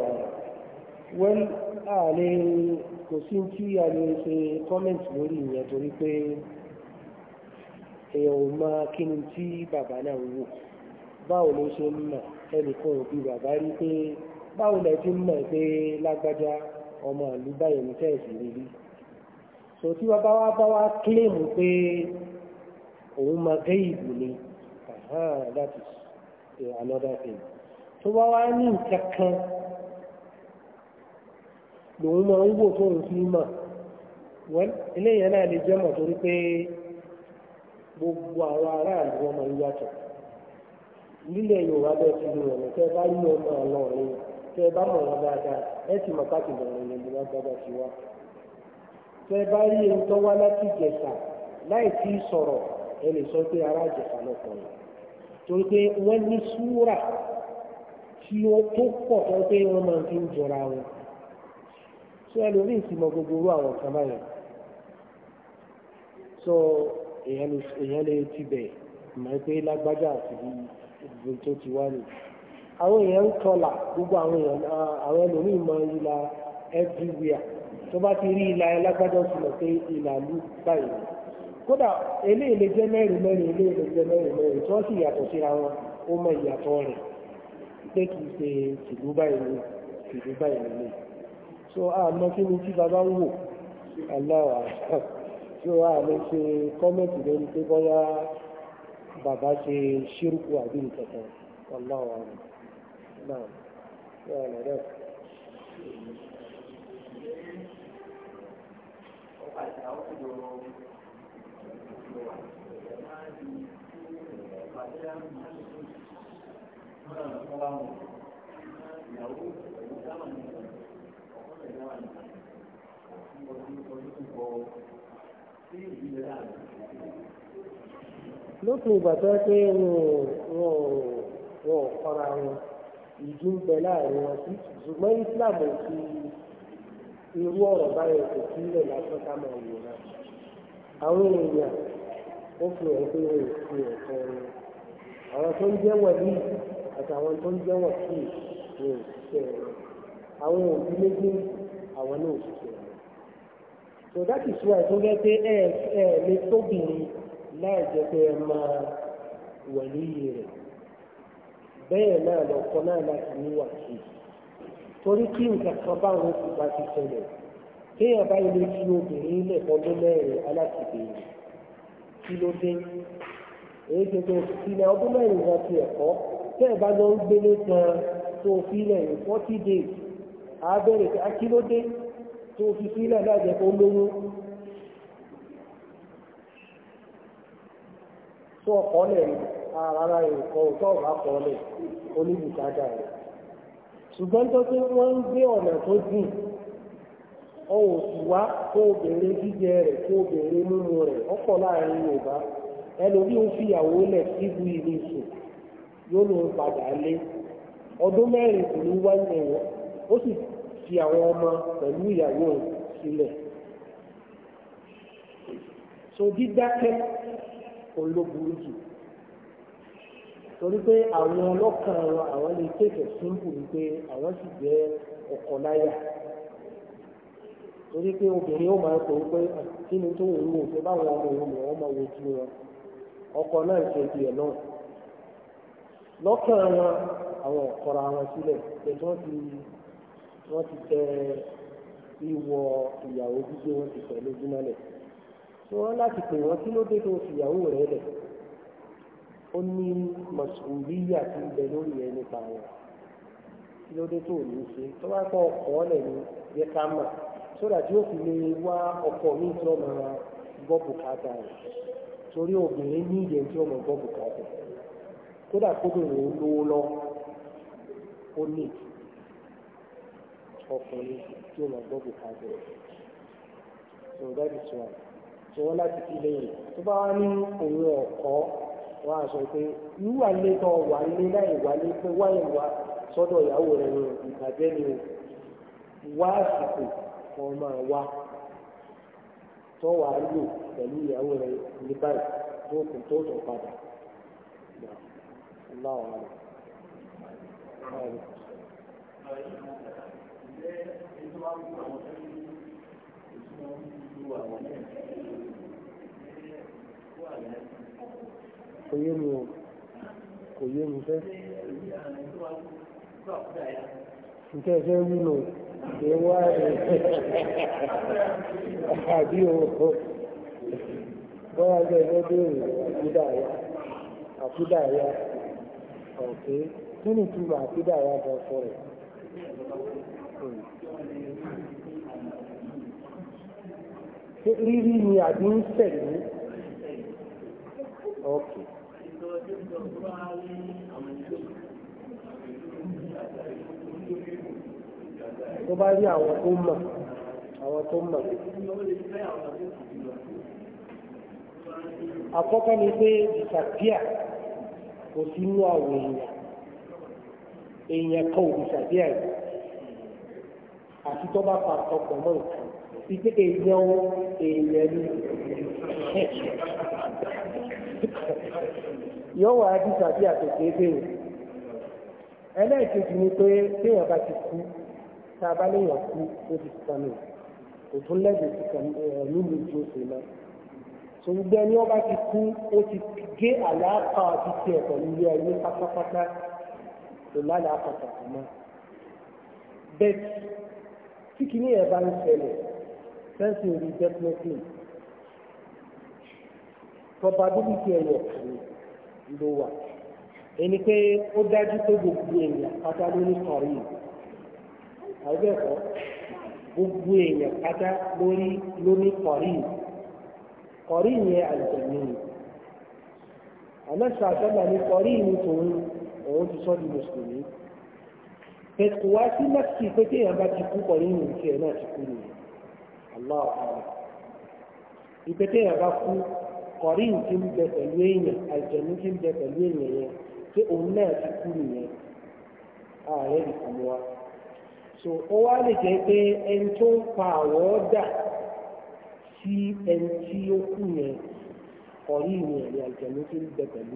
wọ́n àlè kò sí tí a lè ṣe kọ́mẹ̀ntì lórí ìyẹn torí pé èèyàn ò mọ kí ni tí bàbá náà wò báwo ló ṣe ń mọ̀ ẹnìkan òbí bàbá rí pé báwo lẹ ń mọ̀ pé lágbájá ọmọ ìlú báyìí ní tẹ́ẹ̀sì rírí so tí wọ́n bá wá bá wá kílèmù pé òun máa gé ìbò ni that is eh, another thing tó bá wá ní nǹkan kan lòun máa ń wò tóun fi mọ̀ wọ́n eléyìí náà lè jẹ́ mọ̀ torí pé gbogbo àwọn aráàlú wọn máa ń yàtọ̀ nílẹ̀ Yorùbá bẹ́ẹ̀ ti rí ọ̀nà tẹ́ bá yí ọmọ àlọ́ rẹ̀ tẹ ẹ bá mọ̀ wọn dáadáa ẹ ti mọ̀ pàtó lọ́rọ̀ yẹn ni wọ́n gbọ́dọ̀ ti wá. tẹ ẹ bá rí ẹni tó wá láti sọ̀rọ̀ ẹ lè sọ pé jẹ̀sà torí pé wọ́n ní tí ó tó pọ̀ sọ ẹ lórí ìsìnmọ̀ gbogbo orú àwọn kan sọ èèyàn lè ti bẹ̀ mọ̀ pé lágbájá àti àwọn èèyàn ń tọ́là gbogbo àwọn èèyàn àwọn ẹlòmíì mọ ìlà everywhere tó bá ti rí ìlà ẹlágbájọ́ sí lọ pé ìlà lù báyìí kódà eléyìí lè jẹ́ mẹ́rin mẹ́rin eléyìí lè jẹ́ mẹ́rin mẹ́rin tí wọ́n sì yàtọ̀ síra wọn ó mọ ìyàtọ̀ rẹ̀ pé kì í ṣe tìlú báyìí ni tìlú báyìí ni lè so àmọ́ kí ni tí bàbá ń wò aláwà tí ó wà lè ṣe kọ́mẹ̀tì lórí pé bọ́yá bàbá ṣe ṣírùkù àbí nǹkan kan aláwà rẹ̀. نعم وعلى ذلك lópin ìgbà tó ẹ pé wọn ò wọn wọn ìdí ń bẹ láàrin wọn sí ṣùgbọ́n Islam ò fi irú ọ̀rọ̀ báyọ̀ kò sílẹ̀ lásán ká máa wò náà àwọn èèyàn ó fi hàn pé wọn ò fi ẹ̀kọ́ wọn àwọn tó ń jẹ́wọ̀ ní àtàwọn tó ń jẹ́wọ̀ sí wọn ò ṣiṣẹ́ wọn àwọn òbí méjì àwọn náà ò ṣiṣẹ́ wọn. so that is why tó jẹ́ pé ẹ ẹ lè tóbi láì jẹ́ pé ẹ máa wọ̀lú yìí rẹ̀ bẹ́ẹ̀ náà lọ́kọ náà láti níwà sí i torí kí nǹkan kan báwọn oṣù bá ti ṣẹlẹ̀ kéèyàn bá ilé tí obìnrin lè fọdún mẹ́rin aláṣìbèrè kí ló dé èyí tó tó ìlà ọdún mẹ́rin gan ti ẹ̀kọ́ tẹ́ ẹ̀ bá lọ ń gbélé tan tó filẹ̀ ní forty days àbẹ̀rẹ̀ pé kí ló dé tó fi filẹ̀ láàjẹ́ kó lóyún. tó ọkọ̀ lẹ̀ ni ara ah, nǹkan ọ̀tọ̀ ọ̀bá kọ́lẹ̀ oníbùkádà rẹ̀ ṣùgbọ́n tó pé wọ́n ń gbé ọ̀nà tó dùn ọ̀hún sì wá kó obìnrin jíjẹ rẹ̀ kó obìnrin mímu rẹ̀ ọ̀pọ̀ láàrin Yorùbá ẹlòmí ń fìyàwó lẹ̀ síbu ìlú yóò ló ń padà lé ọdún mẹ́rin kò ní ó sì fi àwọn ọmọ pẹ̀lú ìyàwó sílẹ̀ so dídákẹ́ torí pé àwọn ọlọ́kàn wọn àwọn lè tètè símpù wípé àwọn sì jẹ́ láyà torí pé obìnrin ó máa ń tòun pé ah, kí ni tó báwọn ọmọ òun ni wọ́n máa wọn ọkọ̀ náà ṣe di ẹ̀ náà lọ́kàn wọn àwọn ọ̀kọ̀ra wọn sílẹ̀ pé wọ́n ti tẹ ìwọ ìyàwó gbígbé wọn ti ó ní mọ̀sùlùmíyà tí ń bẹ lórí ẹ nípa wọn kí ló dé tó ní ṣe tó bá kọ́ ọkọ̀ ọ̀lẹ̀ ni yẹ ká sódà tí ó fi lè wá mi tí ọmọ wa gbọ́ bùkátà rẹ̀ torí obìnrin ní ìyẹn tí ọmọ gbọ́ bùkátà kódà lówó lọ ó ní ọkùnrin tí ọmọ gbọ́ bùkátà rẹ̀ so that is wọ́n á pé wíwà lé tán wà lé láì wà lé pé wáyé wá sọ́dọ̀ ìyàwó rẹ̀ ni ìbàjẹ́ ni wá àsìkò kan máa wá tó wà lò pẹ̀lú ìyàwó rẹ̀ ní báyìí tó kù tó tọ̀ padà. Thank you. kò yé mi o kò yé mi fẹ́. nǹkẹ́ fẹ́ wí lò ṣe wá ẹ̀ àbí o bọ́lá ṣe fẹ́ béèrè àkúdàáyá àkúdàáyá ọ̀kẹ́ kí ni túmọ̀ àbí tó bá rí àwọn tó mọ̀ àwọn tó mọ̀. àkọ́kọ́ ni pé disappear kò sí inú àwọn èèyàn èèyàn kan ò disappear yìí àti tó bá pa àtọkọ̀ mọ́ nǹkan ìpé èèyàn èèyàn ni yóò wá di tàbí àtẹ̀kẹ́ bèrè ẹlẹ́ẹ̀kejì ni pé téèyàn bá ti kú tá a bá léèyàn kú ó ti sàn nù kò tún lẹ́gbẹ̀ẹ́ ti kàn nílùú tí ó sì lọ ṣùgbọ́n ẹni ọba ti kú ó ti gé àlàáfà àti tiẹ̀ pẹ̀lú ilé ayé pátápátá kò lálàáfà kàkà mọ́ bẹ́ẹ̀ tí kìíní ẹ̀ bá ń ṣẹlẹ̀ sẹ́ńsì rí definitely probability ẹ̀ yẹ̀ kàní. ló wà ẹni pé ó dájú pé gbogbo èèyàn pátá ló ní sọ̀rí àìbẹ́ẹ̀kọ́ gbogbo èèyàn pátá lórí ló ní kọ̀rí kọ̀rí yẹn àìsàn si àmẹ́sà ní kọ̀rí ni tòun òun ti sọ di mùsùlùmí pẹ̀tù wá sí pé kọ̀rí ti ń bẹ pẹ̀lú èèyàn àìjẹ̀mú ti ń bẹ pẹ̀lú èèyàn yẹn pé òun náà ti kú nìyẹn ààrẹ ìkùnú so ó wá lè pé ẹni tó ń pa àwọ̀ dà sí ẹni tí ó kú yẹn kọ̀rí yẹn ni àìjẹ̀mú ti ń bẹ kú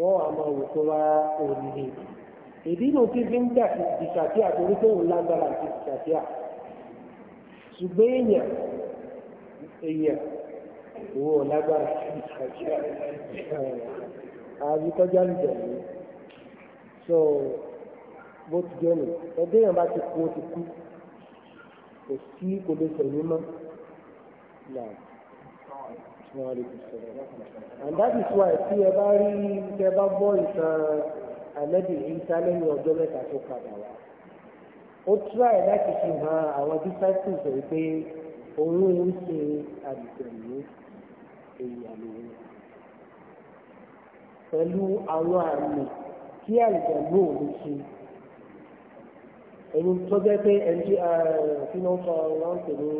wọ́n á máa wò tó wá òrìrì ìdí inú tí fi ń gbà ìṣàkíyà torí pé òun lágbára àti ìṣàkíyà ṣùgbọ́n èèyàn èèyàn owó lágbára àti ìṣàkíyà àbí kọjá lùjẹ̀ ní so bó ti jẹ́ nù ẹgbẹ́ èèyàn bá ti kú ó ti kú kò sí kò lè sẹ̀yìn mọ́ náà and that is why tí ẹ bá rí tẹ bá gbọ́ ìtàn ànábì Ìsá lẹ́yìn ọjọ́ mẹ́ta tó padà wá ó try láti fi hàn àwọn disciples rẹ̀ pé òun ń ṣe àdìsẹ̀lú èèyàn lòun pẹ̀lú àwọn àmì tí àdìsẹ̀lú òun ṣe ẹni tó jẹ́ pé ẹni tí eh, wọ́n sọ wọ́n ń pè ní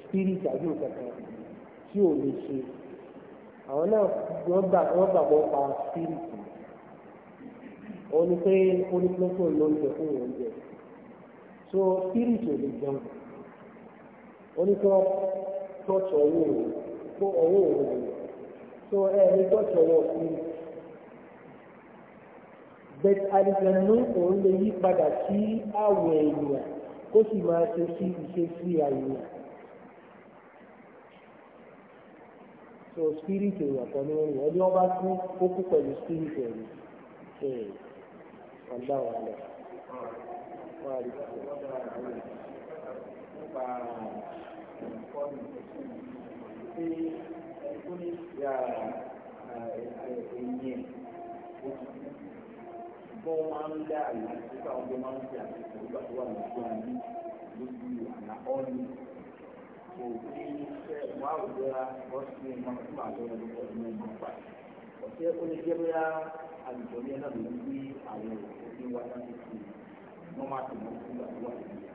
spirit àbí òkàkàn tí ò lè ṣe àwọn náà wọ́n gbà wọ́n gbàgbọ́ pa spiriti wọ́n ní pé onípínlẹ́pọ̀ lóúnjẹ fún oúnjẹ so spiriti ò lè jẹun wọ́n ní kí wọ́n ọwọ́ òun kó ọwọ́ òun lò so ẹ ní tọ́tù ọwọ́ spiriti bẹ́ẹ̀ alìjẹ̀nú òun lè yí padà sí àwọ̀ ènìyàn kó sì máa ṣe sí ìṣesí àyè. so spirit èèyàn kan ní orin ẹni ọba kú ó kú pẹ̀lú spirit ẹ̀rí ee ọgbà wà lọ. Wọ́n máa àyè nípa ọgbọ́n máa ń ṣe àtìkù nígbà tó wà ní ìṣúná lójú àná ọ́nù wà ó lera ọ̀sìn ìmọ̀ tó máa lọ ẹ̀rọ ọ̀sìn ìmọ̀ pa ọ̀sẹ̀ ó lè jẹ́ bóyá àlùjọ ní ẹ̀nà ló ń gbé àwọn òbí wa láti fi wọ́n máa tẹ̀ wọ́n fún àdúrà yìí.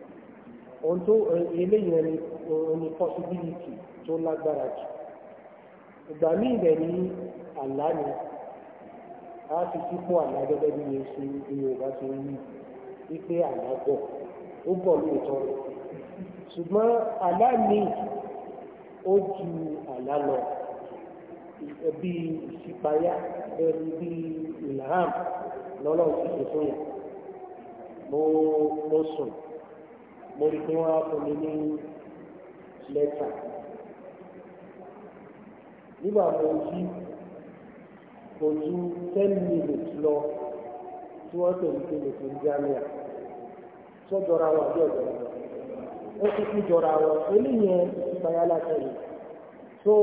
ohun tó eléyìí ẹni oní possibility tó lágbára jù ìgbà míì rẹ̀ ní àlá ni a ti sípò àlá gẹ́gẹ́ bí yẹn ṣe ní Yorùbá ti ń rí wípé àlá bọ̀ ó bọ̀ lóòótọ́ rẹ̀ ṣùgbọ́n àlá mi ó ju àlá lọ ẹbí ìṣípayá ẹbí bí ìlàhàm lọ́lọ́ òṣìṣẹ́ fún yà mo mo sùn mo rí pé wọ́n á fún mi ní lẹ́tà nígbà mo yí kò ju ten minutes lọ tí wọ́n tẹ̀lé pé mo ti ń jáde à sọ́jọ́ra wọn àbí ọ̀jọ̀ lọ ó kúkú jọra wọn eléyẹn ìpayà látẹ̀lé so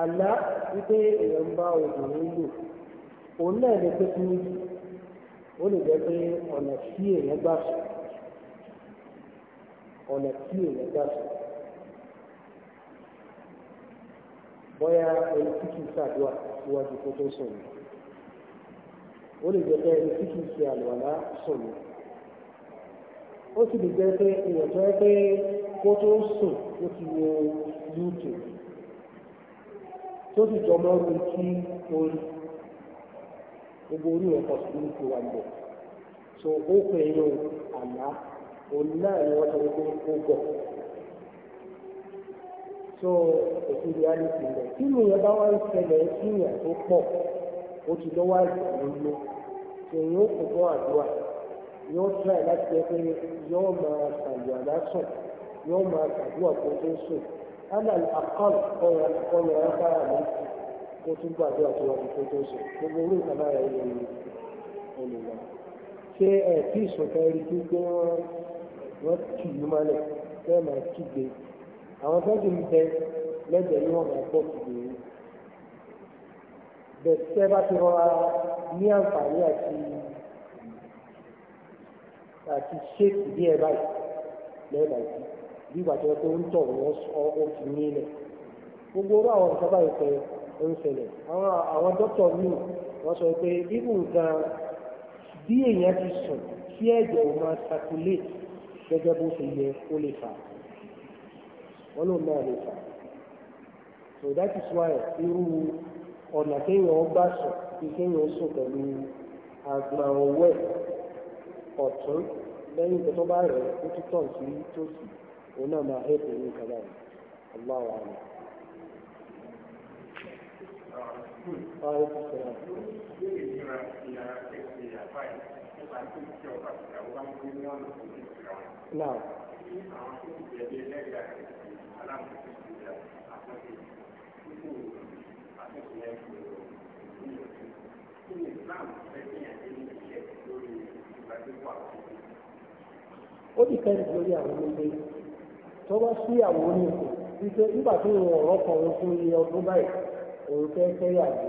àlá wípé èèyàn bá obìnrin lò òun náà lè pé fún ó lè jẹ́ pé ọ̀nà tí èèyàn gbà sùn ọ̀nà tí èèyàn gbà sùn bóyá ẹni tí kìí ṣàdúrà síwájú kó tó sùn ó lè jẹ́ pé ẹni tí kìí ṣe àlùwàlá sùn ni. ó sì lè jẹ́ pé èèyàn tó otu pé kó tó sùn ó ti wo youtube tó sì jọ orí gbogbo orí sí wa so ó pè é yóò àná òun náà ni wọ́n pé ó so èsì reality rẹ̀ tí mi yẹn bá wá ń ṣẹlẹ̀ sí ìyàn tó pọ̀ ó ti lọ́wọ́ àìsàn lóyún tòun ó kò àdúrà. yóò tíra láti jẹ́ pé yóò máa ṣàlùwà lásùn yóò máa ṣàdúrà tó tó sùn alal akọ́lù ọ̀rọ̀ ọ̀rọ̀ agbára mi kó tún gbàdúrà tó wà tó tó sùn gbogbo orí ìkàlá rẹ̀ yẹ olùwà ṣé ẹ tí ìṣọ̀kan rí tí pé wọ́n kì í mọ́lẹ̀ fẹ́ máa kígbe àwọn tọ́jú ń bẹ lẹ́gbẹ̀ẹ́ ni wọ́n máa pọ̀ kígbe bẹ́ẹ̀ tẹ́ bá ti rọra ní àǹfààní àti àti ṣéèkì bí ẹ báyìí lẹ́ẹ̀bà yìí bí ìgbà tó yẹ pé ó ń tọ̀ wọ́n ó fi ní ilẹ̀ gbogbo orú àwọn nǹkan báyìí pé ó ń ṣẹlẹ̀ àwọn àwọn dókítà míì wọ́n sọ pé ibù gan bí èèyàn ti sùn tí ẹ̀jẹ̀ ò máa circulate gẹ́gẹ́ bó ṣe yẹ ó lè fà wọ́n lòun náà lè fà so that is why irú ọ̀nà kéèyàn ó gbà sùn kí kéèyàn ó sùn pẹ̀lú àgbà ọ̀wẹ́ ọ̀tún lẹ́yìn tó bá rẹ̀ ó tún tàn sí tòsí òun náà máa hẹ́pù ní ìkàlà rẹ̀ Allahu a'lam. Now, Thank you. ó ti kẹ́rin lórí àwọn onílé tó bá sí àwọn onílé wípé nígbà tó rọrùn ọ̀rọ̀ kan òun fún iye ọdún báyìí òun fẹ́ kẹ́rì àwọn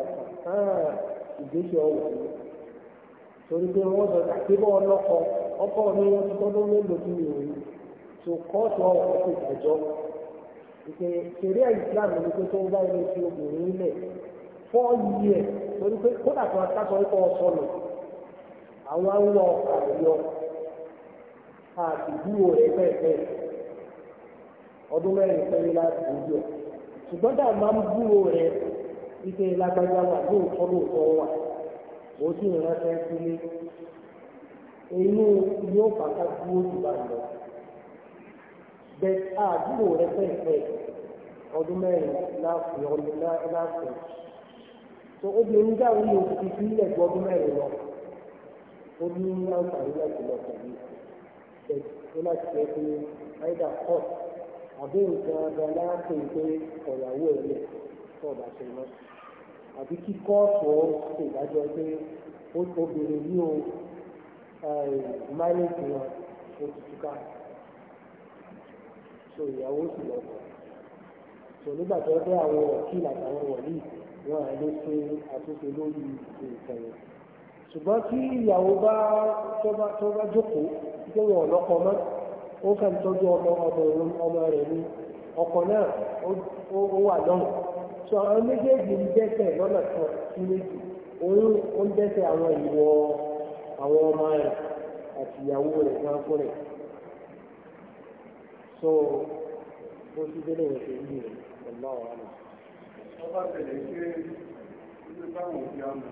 ah, ìgbésẹ̀ ọ̀wọ̀ torí pé wọ́n sọ àkébọ̀ ọlọ́kọ ọkọ mi wọ́n ti tọ́dún mélòó kí mi ò rí tó ìdájọ́ pé tó ń bá ilé ti obìnrin fọ́ọ̀yì ẹ̀ torí pé kódà tó a àwọn awọ àyọ àtìdúró rẹ pẹ́ẹ́pẹ́ ọdún mẹ́rin pẹ́ẹ́rẹ́ láti ojú ẹ̀ ṣùgbọ́n tá a máa ń dúró rẹ ike lágbájá wà lóòótọ́ lóòótọ́ wà ó sì ń sílé inú yóò bàtà dúró jù bá lọ bẹ́ẹ̀ àdúró rẹ pẹ́ẹ́pẹ́ ọdún mẹ́rin láàfin ọdún láàfin tó obìnrin dáhùn ó ní àǹfààní láti lọ tàbí ó láti jẹ́ pé either court àbí nǹkan ọba láàpè pé ọ̀yàwó ẹ̀ lẹ̀ tó ọ̀dà ṣe mọ́ àbí kí kóòtù ó ṣe ìdájọ́ pé obìnrin ní o eh, máìlẹ́sì wọn ó ti túká so ìyàwó sì lọ kọ̀ so nígbà tó dé àwọn ọ̀kí làtàwọn wọ̀nyí wọn àìlè ṣe àtúnṣe lórí ṣùgbọ́n tí ìyàwó bá tó bá jókòó tó wọ̀ ọ̀lọ́kọ mọ́ ó kàn tọ́jú ọmọ ọmọ rẹ̀ ní ọkọ náà ó wà lọ́nà sọ àwọn méjèèjì ń dẹ́ṣẹ̀ lọ́nà kan sí méjì òun ó ń dẹ́ṣẹ̀ àwọn ìwọ àwọn ọmọ rẹ̀ àti ìyàwó rẹ̀ gan fún rẹ̀ so bó ti délé rẹ̀ ṣe yí rẹ̀ ọlọ́run. ọba tẹ̀lé ṣe ilé báwọn ò fi àmọ̀.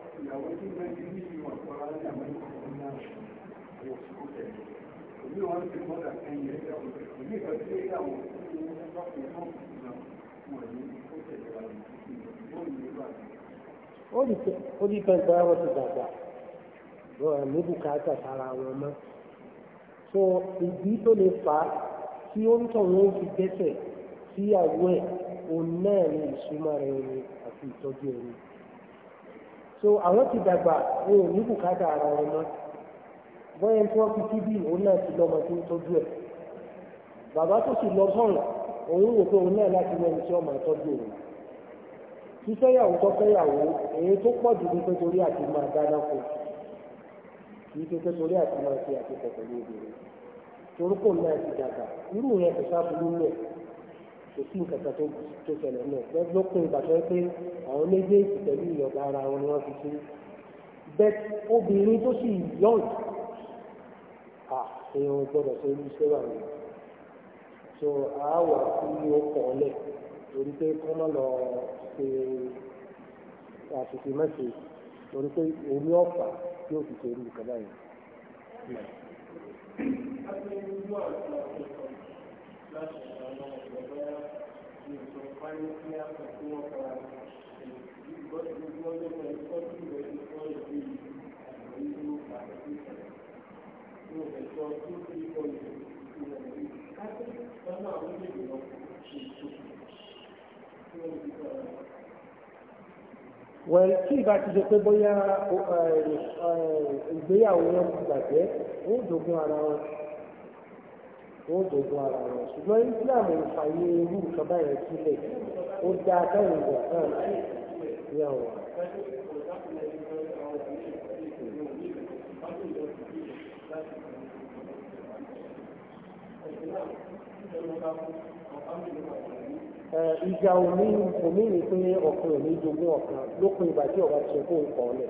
ìyàwó tí ń bẹ́ẹ̀ ní ìwọ̀n tọ́ra ní àwọn ìwọ̀n náà wọ̀ sí ó tẹ̀. Òní wọn ti mọ́ dà ẹ̀yìn ẹ̀yà òní ìfẹ́ sí ẹ̀yà wọ̀ sí ọkùnrin náà wọ̀ ní ó tẹ̀lé wa ní ìgbà ó ní pẹ́ pẹ́ wọ́n ti dàgbà wọ́n ní bùkátà sára wọn mọ́ so ìdí tó lè fà á tí ó ń tọ̀ wọ́n fi gbẹ́sẹ̀ sí àwọ̀ ẹ̀ òun náà ní ìsúmọ́ rẹ̀ ẹni àti ìtọ́jú ẹni. so àwọn ti dàgbà wọn ò ní ara wọn mọ́ bọ́yẹn tí wọ́n fi síbí òun náà ti lọ́mọ tó ń bàbá tó sì lọ sọ́run òun wò pé òun náà láti wọ ẹni tí ọmọ ìtọ́jú òun fífẹ́yàwó tó èyí tó pọ̀ jù ní torí àti máa dáná kù kìí ṣe pé torí àti ti dàgbà irú yẹn kò kò sí nǹkan kan tó ṣẹlẹ̀ náà lọ́kùnrin gbàgbọ́ pé àwọn méjèèjì pẹ̀lú ìyọ̀gá ara wọn ni wọ́n fi ṣe bẹ́ẹ̀ obìnrin tó sì yọ̀ǹd à èèyàn gbọ́dọ̀ ṣe irú iṣẹ́ wà so àáwọ̀ tí ó kọ̀ ọ́ lẹ̀ torí pé kọ́ má lọ ṣe àṣìṣe mẹ́sẹ̀ torí pé omi ọ̀fà tí ó fi ṣe irú ìkàdá yìí. Thank you. Briy eterya jjanan se dogeci jwanak m sparen Diane jman implemented k foundeda ki parwan. M tan demokrat kita li pou ekran nan genye Abend Moalem kinley pey apan, ku tou dogeci yman genyen fukw sheriff ak segg atye ki zidak apan, ya Bi jipay. wọ́n dogun ara wọn ṣùgbọ́n Islam ń fàyè irú nǹkan báyẹn sílẹ̀ ó dá bẹ́ẹ̀ ìwà náà yà wọ́n. ìjà òní òní ni pé ọkùnrin òní jogún ọ̀kan lópin ìgbà tí ọba ti sọ pé òun kọ̀ ọ́ lẹ̀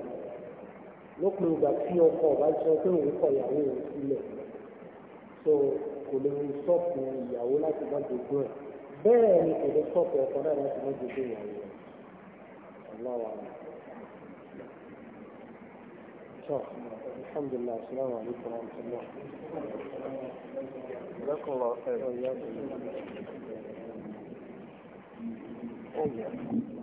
lópin ìgbà tí ọkọ ọba ti sọ pé òun kọ̀ ìyàwó òun sílẹ̀ so kò lè rí sọ́ọ̀pù ìyàwó láti má dojú ẹ̀ bẹ́ẹ̀ ni kò lè sọ́ọ̀pù ọkọ náà láti má dojú ìyàwó rẹ̀ aláwa rẹ̀. Sọ asalaamu alaykum wa rahmatulah.